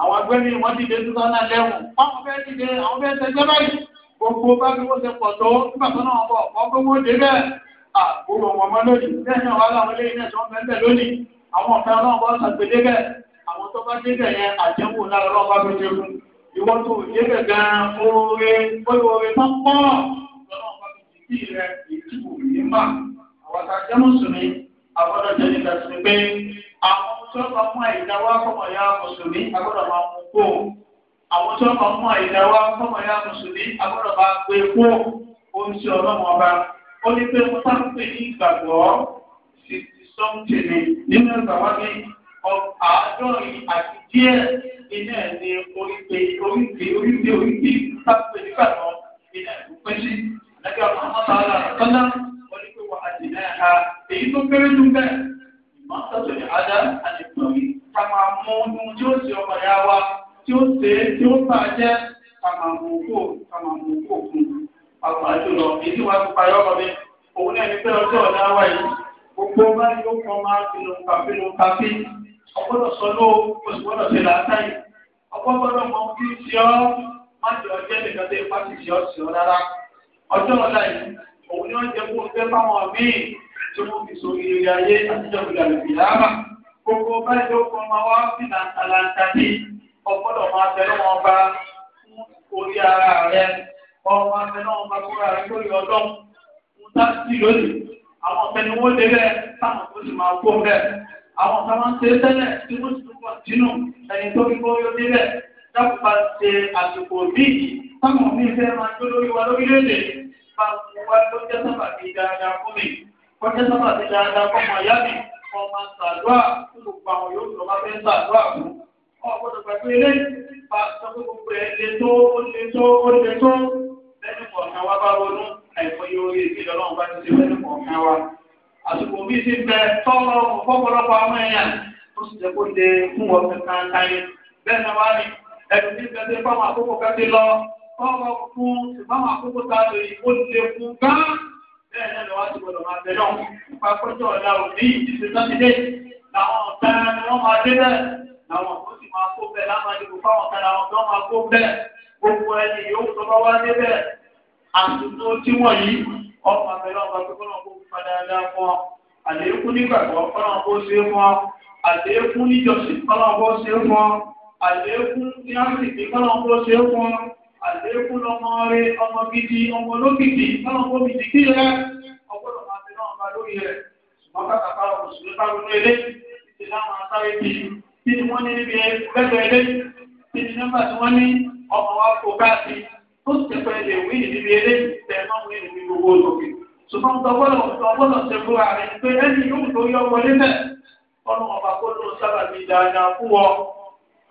àwọn ẹgbẹ́ mi wọ́n dìde tó sọ́nà lẹ́wọ̀n wọ́n fẹ́ dìde àwọn fẹ́ tẹ́jọ́ báyìí gbogbo bá bí wọ́n ṣe pọ̀ tó nígbà tó náà bọ̀ wọ́n gbé wọ́n dé bẹ́ẹ̀ àgbòrò wọn mọ́ lónìí bẹ́ẹ̀ náà wà láwọn ilé iná tí wọ́n fẹ́ bẹ̀ lónìí àwọn ọ̀fẹ́ ọlọ́run bá ṣàgbédé bẹ́ẹ̀ àwọn tó bá dé bẹ̀ yẹn àjẹwò lára ọlọ́run bá fi jẹun ìwọ́n tó dé bẹ̀ gan-an oore oore tó pọ̀ tí rẹ ìdìbò yìí mà àwọn tá a jẹ́ mùsùlùmí àgbọ̀dọ̀ jẹ́ nígbà tó pé àwọn tó bá mú àìdáwá fọmọ ya mùsùlùmí àgbọ̀dọ̀ máa mú kó àwọn tó bá mú àìdáwá fọmọ ya mùsùlùmí àgbọ̀dọ̀ máa gbé kó ohun tí ọlọ́mọ ọba ó ní pé wọ́n sáà ń pè ní ìgbàgbọ́ sixty something nínú ìgbà ní àádọ́rin àti díẹ̀ iná ẹ̀ ní oríkèé oríkèé oríkèé oríkèé sáà ń pè nígbàgbọ́ iná ẹ̀ ló pẹ́ sí ẹgbẹ́ ọ̀pọ̀ àmọ́ta aláàtọ́lá wọ́n ní pé wọ́n á dìnnà ẹ̀ka èyí tó kéré jù bẹ́ẹ̀ ìmọ̀ sọ́tò ní adá àti ìtọ́rí ká máa mú ohun tí ó ṣe ọmọ ìyá wa tí ó ṣe é tí ó bá jẹ́ ká máa mú kó ká máa mú kó fún un. pàápàá jùlọ èyí wá ti parí ọkọ mi òun náà ní pé ọjọ́ ọ̀dá wa yìí gbogbo bá yóò kọ́ máa pinnu kàfínú kàfí ọgbọ́dọ̀ sọ ló oṣù gbọ́dọ̀ ṣe làákàyè ọgbọ́dọ̀ mọ kí ṣe ọ́ má jẹ́ ọjẹ́ nìkan tó yẹ ọjọ́ ọ̀la yìí òun ni wọ́n jẹ́ fún ọgbẹ́ fáwọn míì tí wọ́n fi so ìrírí ayé àtijọ́ ìlànà ìyáàmà gbogbo báyìí ló kọ́ máa wá sí làǹtàlàǹtà ní ọgbọ́dọ̀ máa tẹ̀lé wọn bá fún orí ara rẹ ọmọ abẹ́lẹ́ wọn bá fún ara rẹ lórí ọdọ́ fún táàtì lónìí àwọn ọ̀fẹ́ni wọ́n lé bẹ́ẹ̀ táwọn tó sì máa kó bẹ́ẹ̀ àwọn tá máa ń ṣe tẹ́lẹ̀ tí wọ́n sì tún kọ̀ sínú ẹni tó fi kó yóò dé bẹ́ẹ̀ dákùpá ṣe àsìkò míì táwọn mi fẹ́ máa jó lórí wa lórílẹ̀-èdè bá fún wa lọ́jọ́ sábà ti dáadáa fún mi kọjá sábà ti dáadáa fún ọmọ ìyá mi ọmọ sàdúrà tó gbogbo àwọn yóò lọ́ba fẹ́ sàdúrà fún ọgbọ́dọ̀ pẹ̀lú ilé bá sọ pé gbogbo ẹ̀ lè tó ó lè tó ó lè tó lẹ́nu kọ̀ọ̀kan wa bá ronú àìmọye orí èdè lọ́lọ́run bá ti ṣe lẹ́nu kọ̀ọ̀kan wa àsìkò mi ti bẹ tọ́lọ́ àwọn èèyàn ó sì jẹ́ kó lè fún wọn kankan káyé bẹ́ẹ̀ náà wá ní ẹ̀dùn ní bẹ́ẹ̀ fáwọn àkókò kan lọ ọ̀rọ̀ fún ṣùgbọ́n àwọn àkókò tá a lè yí ó lè fún gán bẹ́ẹ̀ náà lọ́wọ́ ti gbọ́dọ̀ máa tẹ̀lé ọ̀hún nípa pẹ́jọ́ ọ̀la òní ìdíje sátidé làwọn ọ̀tá ni wọ́n máa dé bẹ́ẹ̀ làwọn ọ̀tún sì máa kó bẹ́ẹ̀ láwọn àdìgbò fáwọn ọ̀tá làwọn ọ̀tún máa kó bẹ́ẹ̀ gbogbo ẹni yóò tó bá wá dé bẹ́ẹ̀ àtúntò tí wọ́n yí ọ̀pọ̀ àbẹ̀rẹ̀ ọ̀pọ̀ tó kọ́nà kó padà dáa fún ọ àlékún nígbàgbọ́ kọ́nà kó ṣe é fún ọ àlékún níjọsìn kọ́nà kó ṣe é fún àlékún lọmọ rẹ ọmọ gidi ọmọ lókìkí báwọn kò bìtì kí rẹ ọgbọ́dọ̀ máa fi náà bá lórí rẹ ṣùgbọ́n kàkà bá wọn sùn nípa ronú ilé títí bí kí ni wọ́n ní níbi ẹgbẹ́ ilé kí ni nọ́mbà tí wọ́n ní ọmọ wa kó káàkiri tó ti pẹ́ lè wí níbi eré tẹ̀ náà wí níbi gbogbo òkè ṣùgbọ́n tọgbọ́dọ̀ tọgbọ́dọ̀ ṣe fúra rẹ pé ẹni yóò tó yọ wọlé bẹ́ẹ̀ ọlọ́mọba kó ló sábà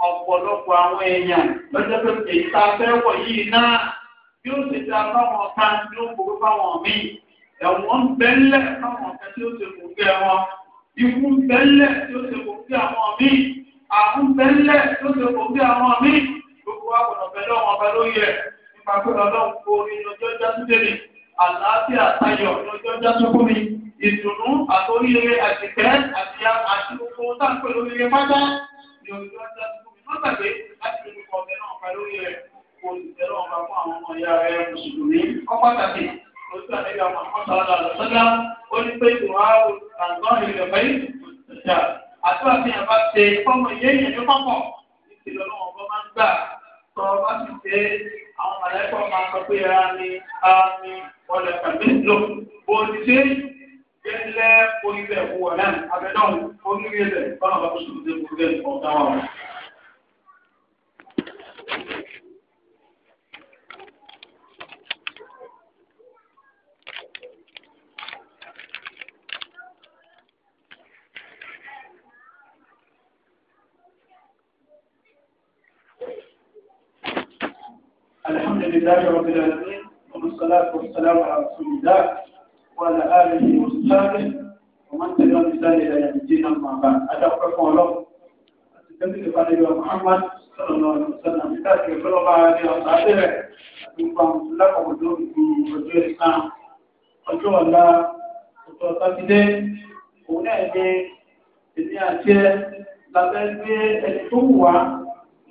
ọ̀pọ̀lọpọ̀ àwọn èèyàn lọ́jọ́ tó èyí tá a fẹ́ wọ̀ yìí náà bí ó sì ta fáwọn ọ̀tá ni ó kó fáwọn míì ẹ̀wọ̀n ń bẹ́lẹ̀ fáwọn ọ̀tá tí ó ti kò gẹ́ wọn ikú ń bẹ́lẹ̀ tí ó ti kò gẹ́ àwọn míì àrùn bẹ́lẹ̀ tí ó ti kò gẹ́ àwọn míì gbogbo àgbọ̀nà bẹ́lẹ̀ ọmọ ọba ló yẹ nípa pé ọlọ́run kó orí lọ́jọ́ jásúdé mi àlàáfíà tayọ̀ lọ́jọ́ jásúkú mi ìdùnnú àtòríire àtìkẹ́ àti àti gbogbo táǹpẹ̀ lóríire pátá ni ọjọ́ jásúkú wọ́n gbàgbé láti fi kọ́ ọ̀bẹ náà pa lórí rẹ̀ kó olùfẹ́ náà bá fún àwọn ọmọ ìyá rẹ̀ mùsùlùmí. kọ́ pàtàkì lójú àlejò àwọn akọ́sọ̀rọ̀ àlọ́sọ́dá ó ní pé ìwà àgbọ̀n ìrẹ̀fẹ́ ìjà àti àfihàn bá ṣe fọ́mọ ìyá èèyàn ní pọ́pọ̀ nítorí ọlọ́wọ́n bọ́ máa ń gbà sọ bá sì ṣe àwọn mọ̀lẹ́kọ̀ máa sọ pé ara ni a ni ọ̀lẹ̀ pẹ̀lú ìlò bó ti ṣe gẹ́lẹ́ orí rẹ̀ wọ̀ náà abẹ́dọ̀ orí rẹ̀ kọ́nà bá tó ṣe لله رب العالمين والصلاة والسلام على رسول الله وعلى آله وصحبه ومن تبع مثال إلى يوم الدين أما بعد أدعوكم الله أتكلم بقال محمد صلى الله عليه وسلم بذلك بلغ عليه وصحبه أتكلم لك وجود في وجود الإسلام ọjọ́ ọ̀la ọ̀tọ̀ sátidé òun náà ní èmi àti ẹ lábẹ́ gbé ẹni tó wù wá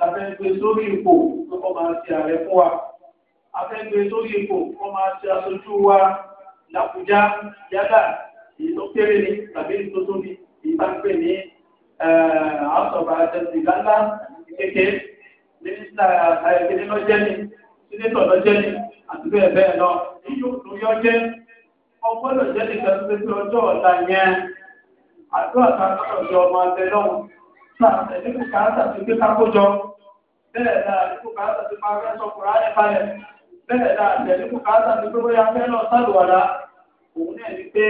lábẹ́ gbé sórí ipò tó kọ́ máa ṣe ààrẹ fún wa afẹ́gbẹ́ sórí ipò wọ́n máa ṣe aṣojú wa làkújá yálà èyí tó kéré ni tàbí èyí tó tóbi èyí bá ń pè ní àṣọba àjẹsí lálá kéke mínísítà ayẹkẹlẹ lọjẹni sínétọ lọjẹni àti bẹ́ẹ̀ bẹ́ẹ̀ lọ èyí ò tó yọ jẹ ọgbọ́dọ̀ jẹ nìkan tó fi ọjọ́ ọ̀la yẹn àdó àtàkùn ọjọ́ ọmọ abẹ lọ́hùn náà ẹni kò kàá tàbí pé kákó jọ bẹ́ẹ̀ náà ẹni kò kàá tàbí pé kákó jọ kùrá ẹ bẹ́ẹ̀ la àtẹ̀lé bùkátà ní pé bóyá fẹ́ lọ sálùwàlá òun náà ní pé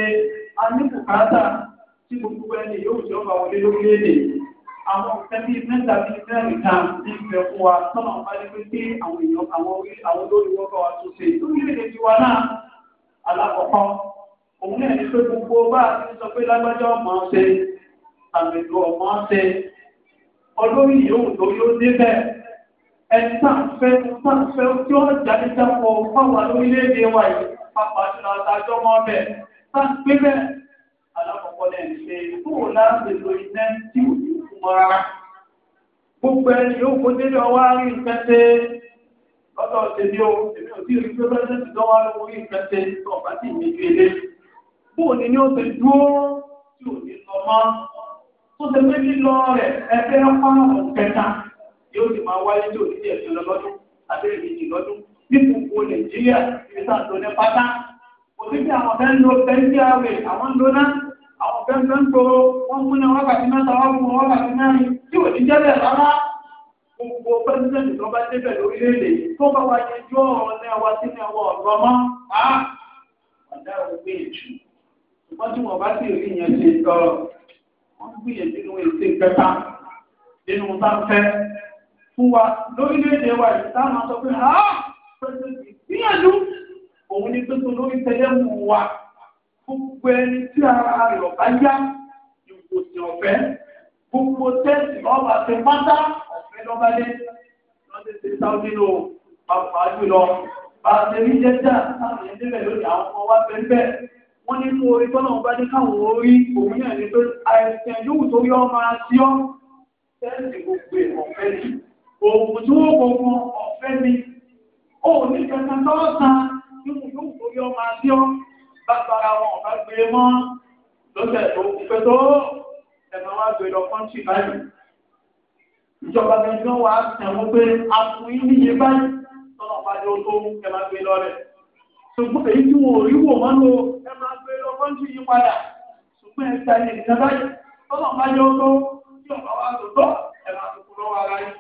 a ní bùkátà tí gbogbo ẹni yóò jọ bá wọlé lórílẹ̀-èdè àwọn òfẹ́ bíi mẹ́ta bíi mẹ́rin kan ní ìfẹ́ fún wa tọ́nà bá ní pé kí àwọn èèyàn àwọn orí àwọn olórí wọn bá wa tó ṣe lórílẹ̀-èdè ti wa náà alákọ̀ọ́kọ́ òun náà ní pé gbogbo bá a ti sọ pé lágbájá ọmọ ṣe àmì ìlú ọmọ ṣe olórí yòówù tó yóò débẹ̀ ẹni tá à ń fẹ́ tá à ń fẹ́ tí ó jáde jápọ̀ fáwọn lórílẹ̀‐èdè wa yìí pápá nínú àtàjọ́ mọ́ bẹ́ẹ̀ tá à ń pé bẹ́ẹ̀ alákọ̀ọ́kọ́ náà ń ṣe fóònù láti lo iná tí ò ní kú mọ́ rárá. gbogbo ẹni yóò kó délé ọwọ́ àárí nǹkan lọ́dọ̀ tèmi o èmi ò tí ì rí pé bẹ́ẹ̀ ti dánwà lówó rí nǹkan ṣe tó ọ̀bá sì ní ju ilé. fóònù ni ó ti dúró tí ò ní lọ mọ́ tó ti pé lílọ rẹ̀ ẹgbẹ́ ọ̀pá ọ̀kẹta yóò sì máa wáyé tó ní ẹ̀sìn lọ́dún àbẹ́rẹ́ méjì lọ́dún ní gbogbo nàìjíríà ibi tá à ń ní pátá kò sí bí àwọn fẹ́ ń lo bẹ́ńkì àwẹ̀ àwọn ń lo náà àwọn fẹ́ ń fẹ́ ń lo wọ́n mú náà wákàtí mẹ́ta wọ́n mú wákàtí mẹ́rin tí ò ní jẹ́ bẹ́ẹ̀ rárá gbogbo pẹ́sidẹ́ntì tó bá débẹ̀ lórílẹ̀-èdè tó bá wá yẹjọ́ ọ̀rọ̀ náà wá sínú ẹ̀wọ̀ ọ̀rọ̀ mọ́ á ọ̀dà òwe èjù ṣùgbọ́n tí wọ́n bá sì rí yẹn ṣe tọ́ wọ́n gbìyànjú nínú èsì kẹta nínú bá fún wa lórílẹ̀-èdè wa yìí táwọn sọ pé ha gbìyànjú òun ni tuntun lórí tẹlẹ́mù wa gbogbo ẹni tí ara rẹ̀ ọ̀bá yá ìwòsàn ọ̀fẹ́ gbogbo tẹ́sì ọba ti pátá ọ̀fẹ́ lọ́bàdé lọ́dẹ ti sáwọ́dé lò pàpà jùlọ bàtẹ́rí jẹ́jà táwọn yẹn débẹ̀ lónìí àwọn ọmọ wa bẹ́ẹ̀ wọ́n ní mú orí tọ́nà ọba ní káwọn orí òun náà ní pé àìsàn yóò tó ọmọ àti ọ́ òògùn tí wọ́n kọ wọn ọ̀fẹ́ mi ó ní kankan tọ́wọ́ san tí mo yóò torí ọmọ àti ọ bá gbára wọn ọ̀bá gbé e mọ́ lọ́sẹ̀ tó kù pé tó ẹ̀mọ́ wá gbé e lọ kọ́ńtì báyìí ìjọba gbẹ̀ngàn wà á tẹ̀wọ́n pé a fún yín níye báyìí tọ́lọ̀ bá yóò tó ẹ máa gbé e lọ rẹ̀ ṣùgbọ́n èyí tí wọn ò rí wò wọ́n lò ẹ máa gbé lọ kọ́ńtì yí padà ṣùgbọ́n ẹ̀ta ẹ̀ nìkan báyìí tọ́lọ̀ bá yóò tó tí ọ̀bá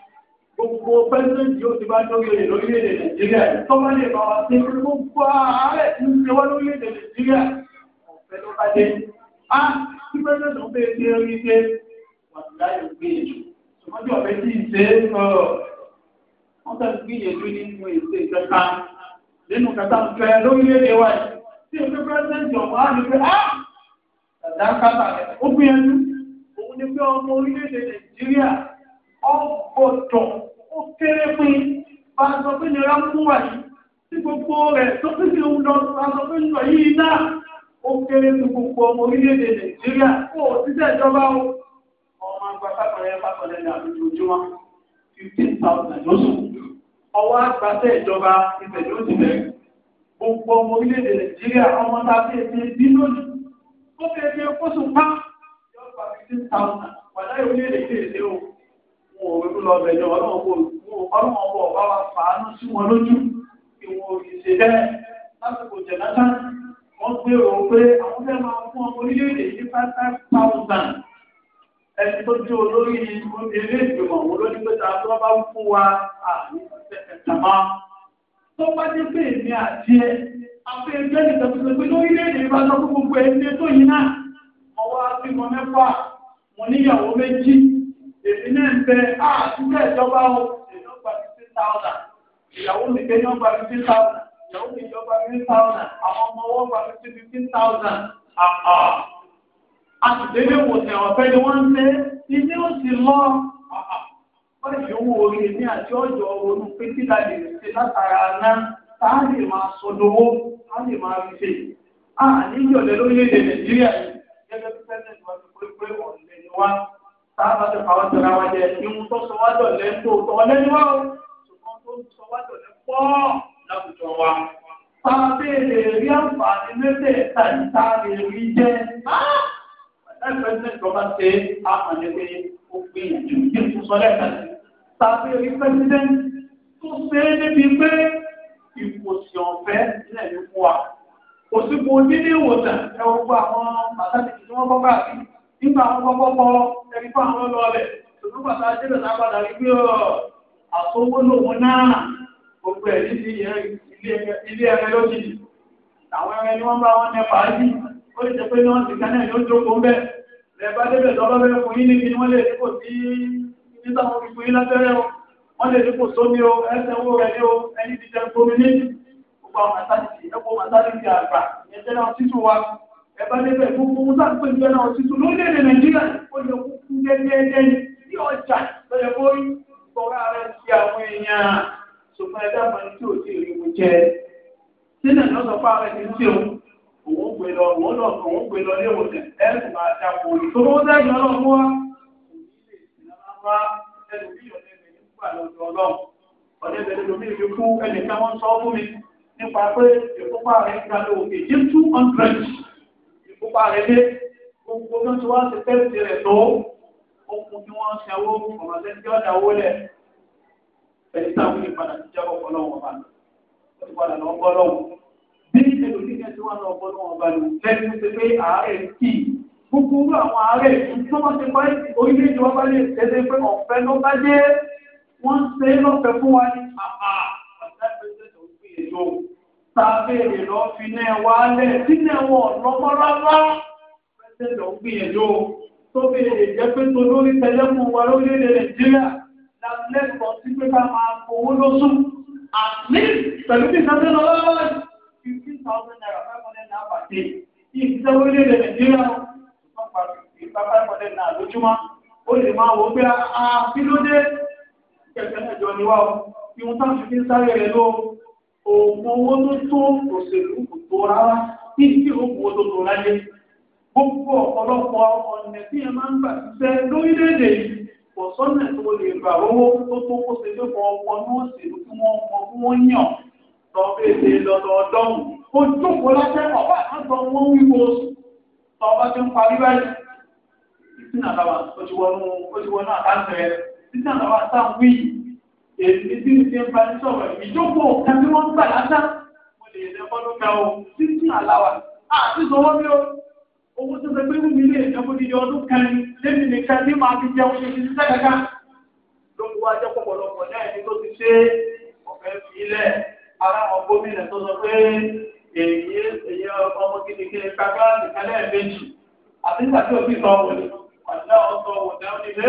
gbogbo pẹ́sẹ́ǹtì ó ti bá lórílẹ̀-èdè nàìjíríà tọ́wọ́ lè bá wa ṣe gbogbo ààrẹ ń ṣe lórílẹ̀-èdè nàìjíríà ọ̀fẹ́ ló á tí pẹ́sẹ́ǹtì ó tí ì ṣe é sọ̀rọ̀ wọ́n tẹ̀ gbìyànjú nínú ètò ìjọba nínú kàtà ń òun ni pé ọmọ orílẹ̀-èdè nàìjíríà ọgbọ̀dọ̀ ó kéré pín bá a sọ pé nira ń mú wà yìí tí gbogbo rẹ̀ tó fi lè ń lọ bá a sọ pé nìkan yìí náà ó kéré pín gbogbo ọmọ orílẹ̀-èdè nàìjíríà kó o ti tẹ̀ ìjọba o ọmọ àgbà sákòrẹ́ bákọ̀lẹ́ ní àbújá ojúmọ́ fifteen thousand lóṣù ọwọ́ àgbà tẹ̀ ìjọba ìbẹ̀lú ti bẹ̀rẹ̀ gbogbo ọmọ orílẹ̀-èdè nàìjíríà ọmọ tá a fi ètè bí lónìí ó fẹ́ẹ́ fi kóṣù pa yọ̀ọ́ gba fifteen thousand wàlá ìwé wọn ò wípé lọ́ọ́ bẹ̀jọ ọlọ́wọ́n bọ̀ bá wa fàánú sí wọn lójú kí wọn ò fi ṣe bẹ́ẹ̀ lásìkò jẹ̀nátà wọ́n gbèrò pé àwọn fẹ́ máa fún ọmọ orílẹ̀-èdè ní five five thousand ẹni tó jẹ́ olórí ilé ìgbìmọ̀ wọn ló ní pé ta tó bá fún wa àmì tàmá tó bá dé pé èmi àti ẹ àfi ẹgbẹ́ nìkan tó pé lórílẹ̀-èdè bá sọ fún gbogbo ẹni tó yìí náà ọwọ́ àbímọ mẹ́fà mo níyàwó méjì. èmi náà ń bẹ ah, àtúntò ìjọba o gba fifteen thousand ìyàwó mi ní ó gba fifteen thousand ìyàwó mi ìjọba fifteen thousand àwọn ọmọ ọwọ́ gba ah, ah. ìwòsàn ọ̀fẹ́ ni wọ́n ń ó sì lọ wọ́n lè fi owó ní àti ọjọ́ ronú pé kí la lè ṣe látara tá a lè máa sọ lówó a lè máa ṣe lórílẹ̀‐èdè nàìjíríà yìí gẹ́gẹ́ bí sábà ti pàwọ́ tẹ̀lé àwọn jẹ ihun tó sọ wá dọ̀lẹ́ tó tọ́ lẹ́nu wá o ṣùgbọ́n tó sọ wá dọ̀lẹ́ pọ́ láwùjọ wa. sábà lè rí àǹfààní mẹ́tẹ̀ẹ̀ta ìta lè rí jẹ́ ẹgbẹ́ tí ìjọba ṣe àmàlẹ́ pé ó gbìyànjú kí n tún sọ lẹ́ẹ̀kan sí. sábà rí pẹ́sidẹ́ntì tó ṣe é débi pé ìwòsàn ọ̀fẹ́ sílẹ̀ ló fún wa òsìkò onílé ìwòsàn ẹ̀ gbọ́ àwọn màtàkì tí wọ́n kọ́ ẹni fún àwọn ọlọ́ rẹ̀ ṣùgbọ́n bàtà ajẹ́lẹ̀ náà padà rí pé ọ̀ àtọwọ́ lòun náà gbogbo ẹ̀ níbi ilé ẹ̀rẹ́ lójijì àwọn ẹ̀rẹ́ ni wọ́n bá wọn ní ẹ̀fà yìí ó lè jẹ́ pé ní wọ́n ti kánẹ̀ ló jókòó ń bẹ̀ lẹ́ẹ̀bá débẹ̀ lọ́wọ́ bẹ́ẹ̀ fún yín níbi ni wọ́n lè dípò sí nígbà wọn fi fún yín lábẹ́rẹ́ o wọ́n lè dípò sómi o ẹsẹ̀ owó rẹ̀ ní o ẹni ti jẹ gbómi gbogbo àwọn àtàlìsì ẹ̀kọ́ ẹ̀bá débẹ̀ gbogbo ohun tá à ń pè nígbà náà títún lórílẹ̀-èdè nàìjíríà ó yẹ kó kú dẹ́dẹ́dẹ́ ní ọjà lọ́yẹ̀ kó tọ́ra rẹ̀ sí àwọn èèyàn ṣùgbọ́n ẹ̀dá mọ̀ni tí ò sí ìrìwò jẹ. sínú ẹ̀ lọ́sọ̀ fún ààrẹ ti ń ṣe òun gbé lọ òun lọ òun gbé lọ lé òun ẹ̀ ń bá dà kó rí. tó bó dájú ọlọ́run wá òun nípa pé ìfúnpá rẹ̀ ń ga lóògùn èyí two hundred kópa rẹ̀ dé gbogbo tó ti wá sí tẹ́sí rẹ̀ tó ó kún kí wọ́n ṣe owó ọ̀rọ̀lẹ́ tí ọ̀dà owó lẹ̀ pẹ̀lú táwọn ní padà ti jábọ̀ bọ́ lọ́wọ́ ọba ó ti padà lọ́ bọ́ lọ́wọ́ bí ẹlòmíràn ti wá lọ́ bọ́ lọ́wọ́ ọba lò lẹ́nu ti pé àárẹ̀ kì í gbogbo orú àwọn àárẹ̀ tó wọ́n ti parí orílẹ̀-èdè wọn bá lè tẹ́lẹ̀ pé ọ̀fẹ́ ló bá dé wọ́n ṣe é lọ́fẹ̀ẹ́ fún wa ní àbá ọ̀dà sábẹ́rẹ̀ lọ fi náà wálẹ̀ sílẹ̀ wọn lọ́mọ rárá pẹ́sẹ́ lọ gbìyànjú tó béèrè jẹ́ pé tó lórí tẹlẹ́mù wa lórílẹ̀ nàìjíríà lálẹ́kọ̀ọ́ sí pé ká máa fowó lọ́sùn àmì pẹ̀lú bí sábẹ́ lọ lọ́wọ́ fifteen thousand naira five hundred naira per ìfisẹ́ orílẹ̀ nàìjíríà oògùn owó tó tó òṣèlú kò tó rárá tí tí oògùn owó tó tó láyé gbogbo ọ̀pọ̀lọpọ̀ ọ̀nà tí ẹ máa ń gbà ṣiṣẹ́ lórílẹ̀‐èdè yìí kò sọ́nà tó lè gbà owó tó tó kó ṣe lóko ọkọ̀ ní òṣèlú tí wọ́n mọ fún wọn yàn lọ́bẹ̀ẹ́dẹ lọ́dọọdọ́rùn ó jókòó lájẹ́ ọ̀pá àtọ́ wọn wíwo tọ́ba ti ń parí báyìí títí nàdàwà ó wọnú àkáǹtẹ̀ títí nàdàwà sáà ń wí yìí èmi tí ń ṣe bá ń sọ̀rọ̀ ìjókòó kan tí wọ́n gbà lásán mo lè yẹ fọ́dún kan o títí àláwà àti sọwọ́ mi o owó tó ṣe pé mi lè jẹ́ fún iye ọdún kan lẹ́mi nìkan ní máa fi jẹun ṣe ti sẹ́kẹ̀ká ló ń wá jẹ́ pọ̀pọ̀lọpọ̀ náà ẹni tó ti ṣe ọ̀fẹ́ fi ilẹ̀ ara àwọn gómìnà tó sọ pé èyí èyí ọmọ gidigidi kápá nìkan lẹ́ẹ̀mejì àti nígbà tí òbí sọ wọlé wà ní àwọn sọ wọ̀dà ó nílé.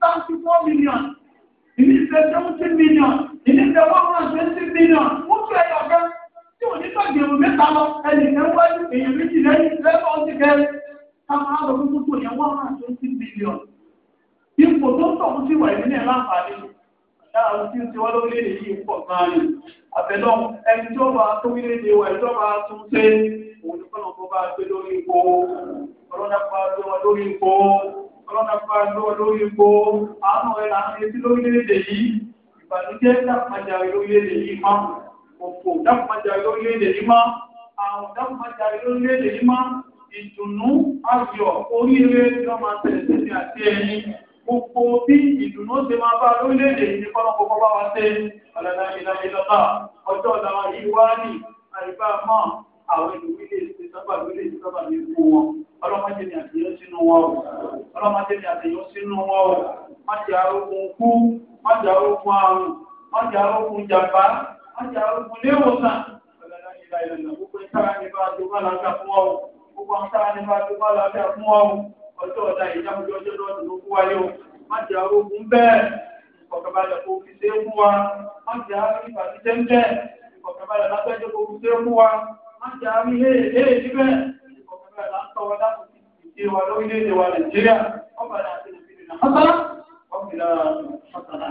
thirty four million ìní ṣe seventy million ìní ṣe one hundred twenty million ó tún ẹ̀yà ọ̀fẹ́ tí ò ní tọ́jú mẹ́ta lọ ẹnìkan wájú èèyàn méjì lẹ́yìn lẹ́kọ̀ọ́ ti kẹrin káwọn àlọ́ tó tó yẹn one hundred twenty million ipò tó ń tọ̀hún sí ìwà ìbílẹ̀ láǹfààní láàrín tí ó ti wá lórílẹ̀-èdè yìí pọ̀ gan-an àbẹ̀lọ́ ẹni tí ó bá tó orílẹ̀-èdè wa ẹjọ́ bá tún ṣe òun ní kọ́nà kó bá gbé lórí ipò ọlọ́dà bá gbé wọn lórí ipò ọlọ́dàpá lọ́wọ́ lórí epo àánú rẹ̀ láti etí lórílẹ̀-èdè yìí ìbànújẹ́ dàpọ̀jà lórílẹ̀-èdè yìí mọ́ òfò dàpọ̀jà lórílẹ̀-èdè yìí mọ́ àrùn dàpọ̀jà lórílẹ̀-èdè yìí mọ́ ìdùnnú ayọ̀ oríire tí wọ́n máa tẹ̀lé sí àti ẹ̀yìn gbogbo bí ìdùnnú ṣe máa bá lórílẹ̀-èdè yìí ní kọ́nàkọ́kọ́ bá wa ṣe ọ̀làdà ìlànà ọjọ́ ọ̀làwà yìí wá ní àìbá mọ́ àwọn ìlú sábà lórí èyí sábà ní ikú wọn ọlọ́mọdé ni àtìyàn sínú wọn ọlọ́mọdé ni àtìyàn sínú wọn o má jẹ́ arógun kú má jẹ́ arógun àrùn má jẹ́ arógun jàmbá má jẹ́ arógun léwòsàn ọ̀làdá ìlà ìlànà gbogbo ìtara ní bá a tó bá làákà fún ọ gbogbo ìtara ní bá a tó bá làákà fún ọ ọjọ́ ọ̀la ìjábọ̀jọ́ ọjọ́ lọ́dún ló kú wáyé o má jẹ́ arógun bẹ́ẹ̀ ìfọ̀kànbalẹ̀ kò fi ṣe é fún wa má jẹ́ arógun ìfàṣíṣẹ́ ń bẹ́ẹ̀ ìfọ̀kànbalẹ̀ lágbẹ́jọ́ kò fi ṣe é fún wa májà rí léèlé níbẹ̀ ìkọ̀kọ̀rẹ́ là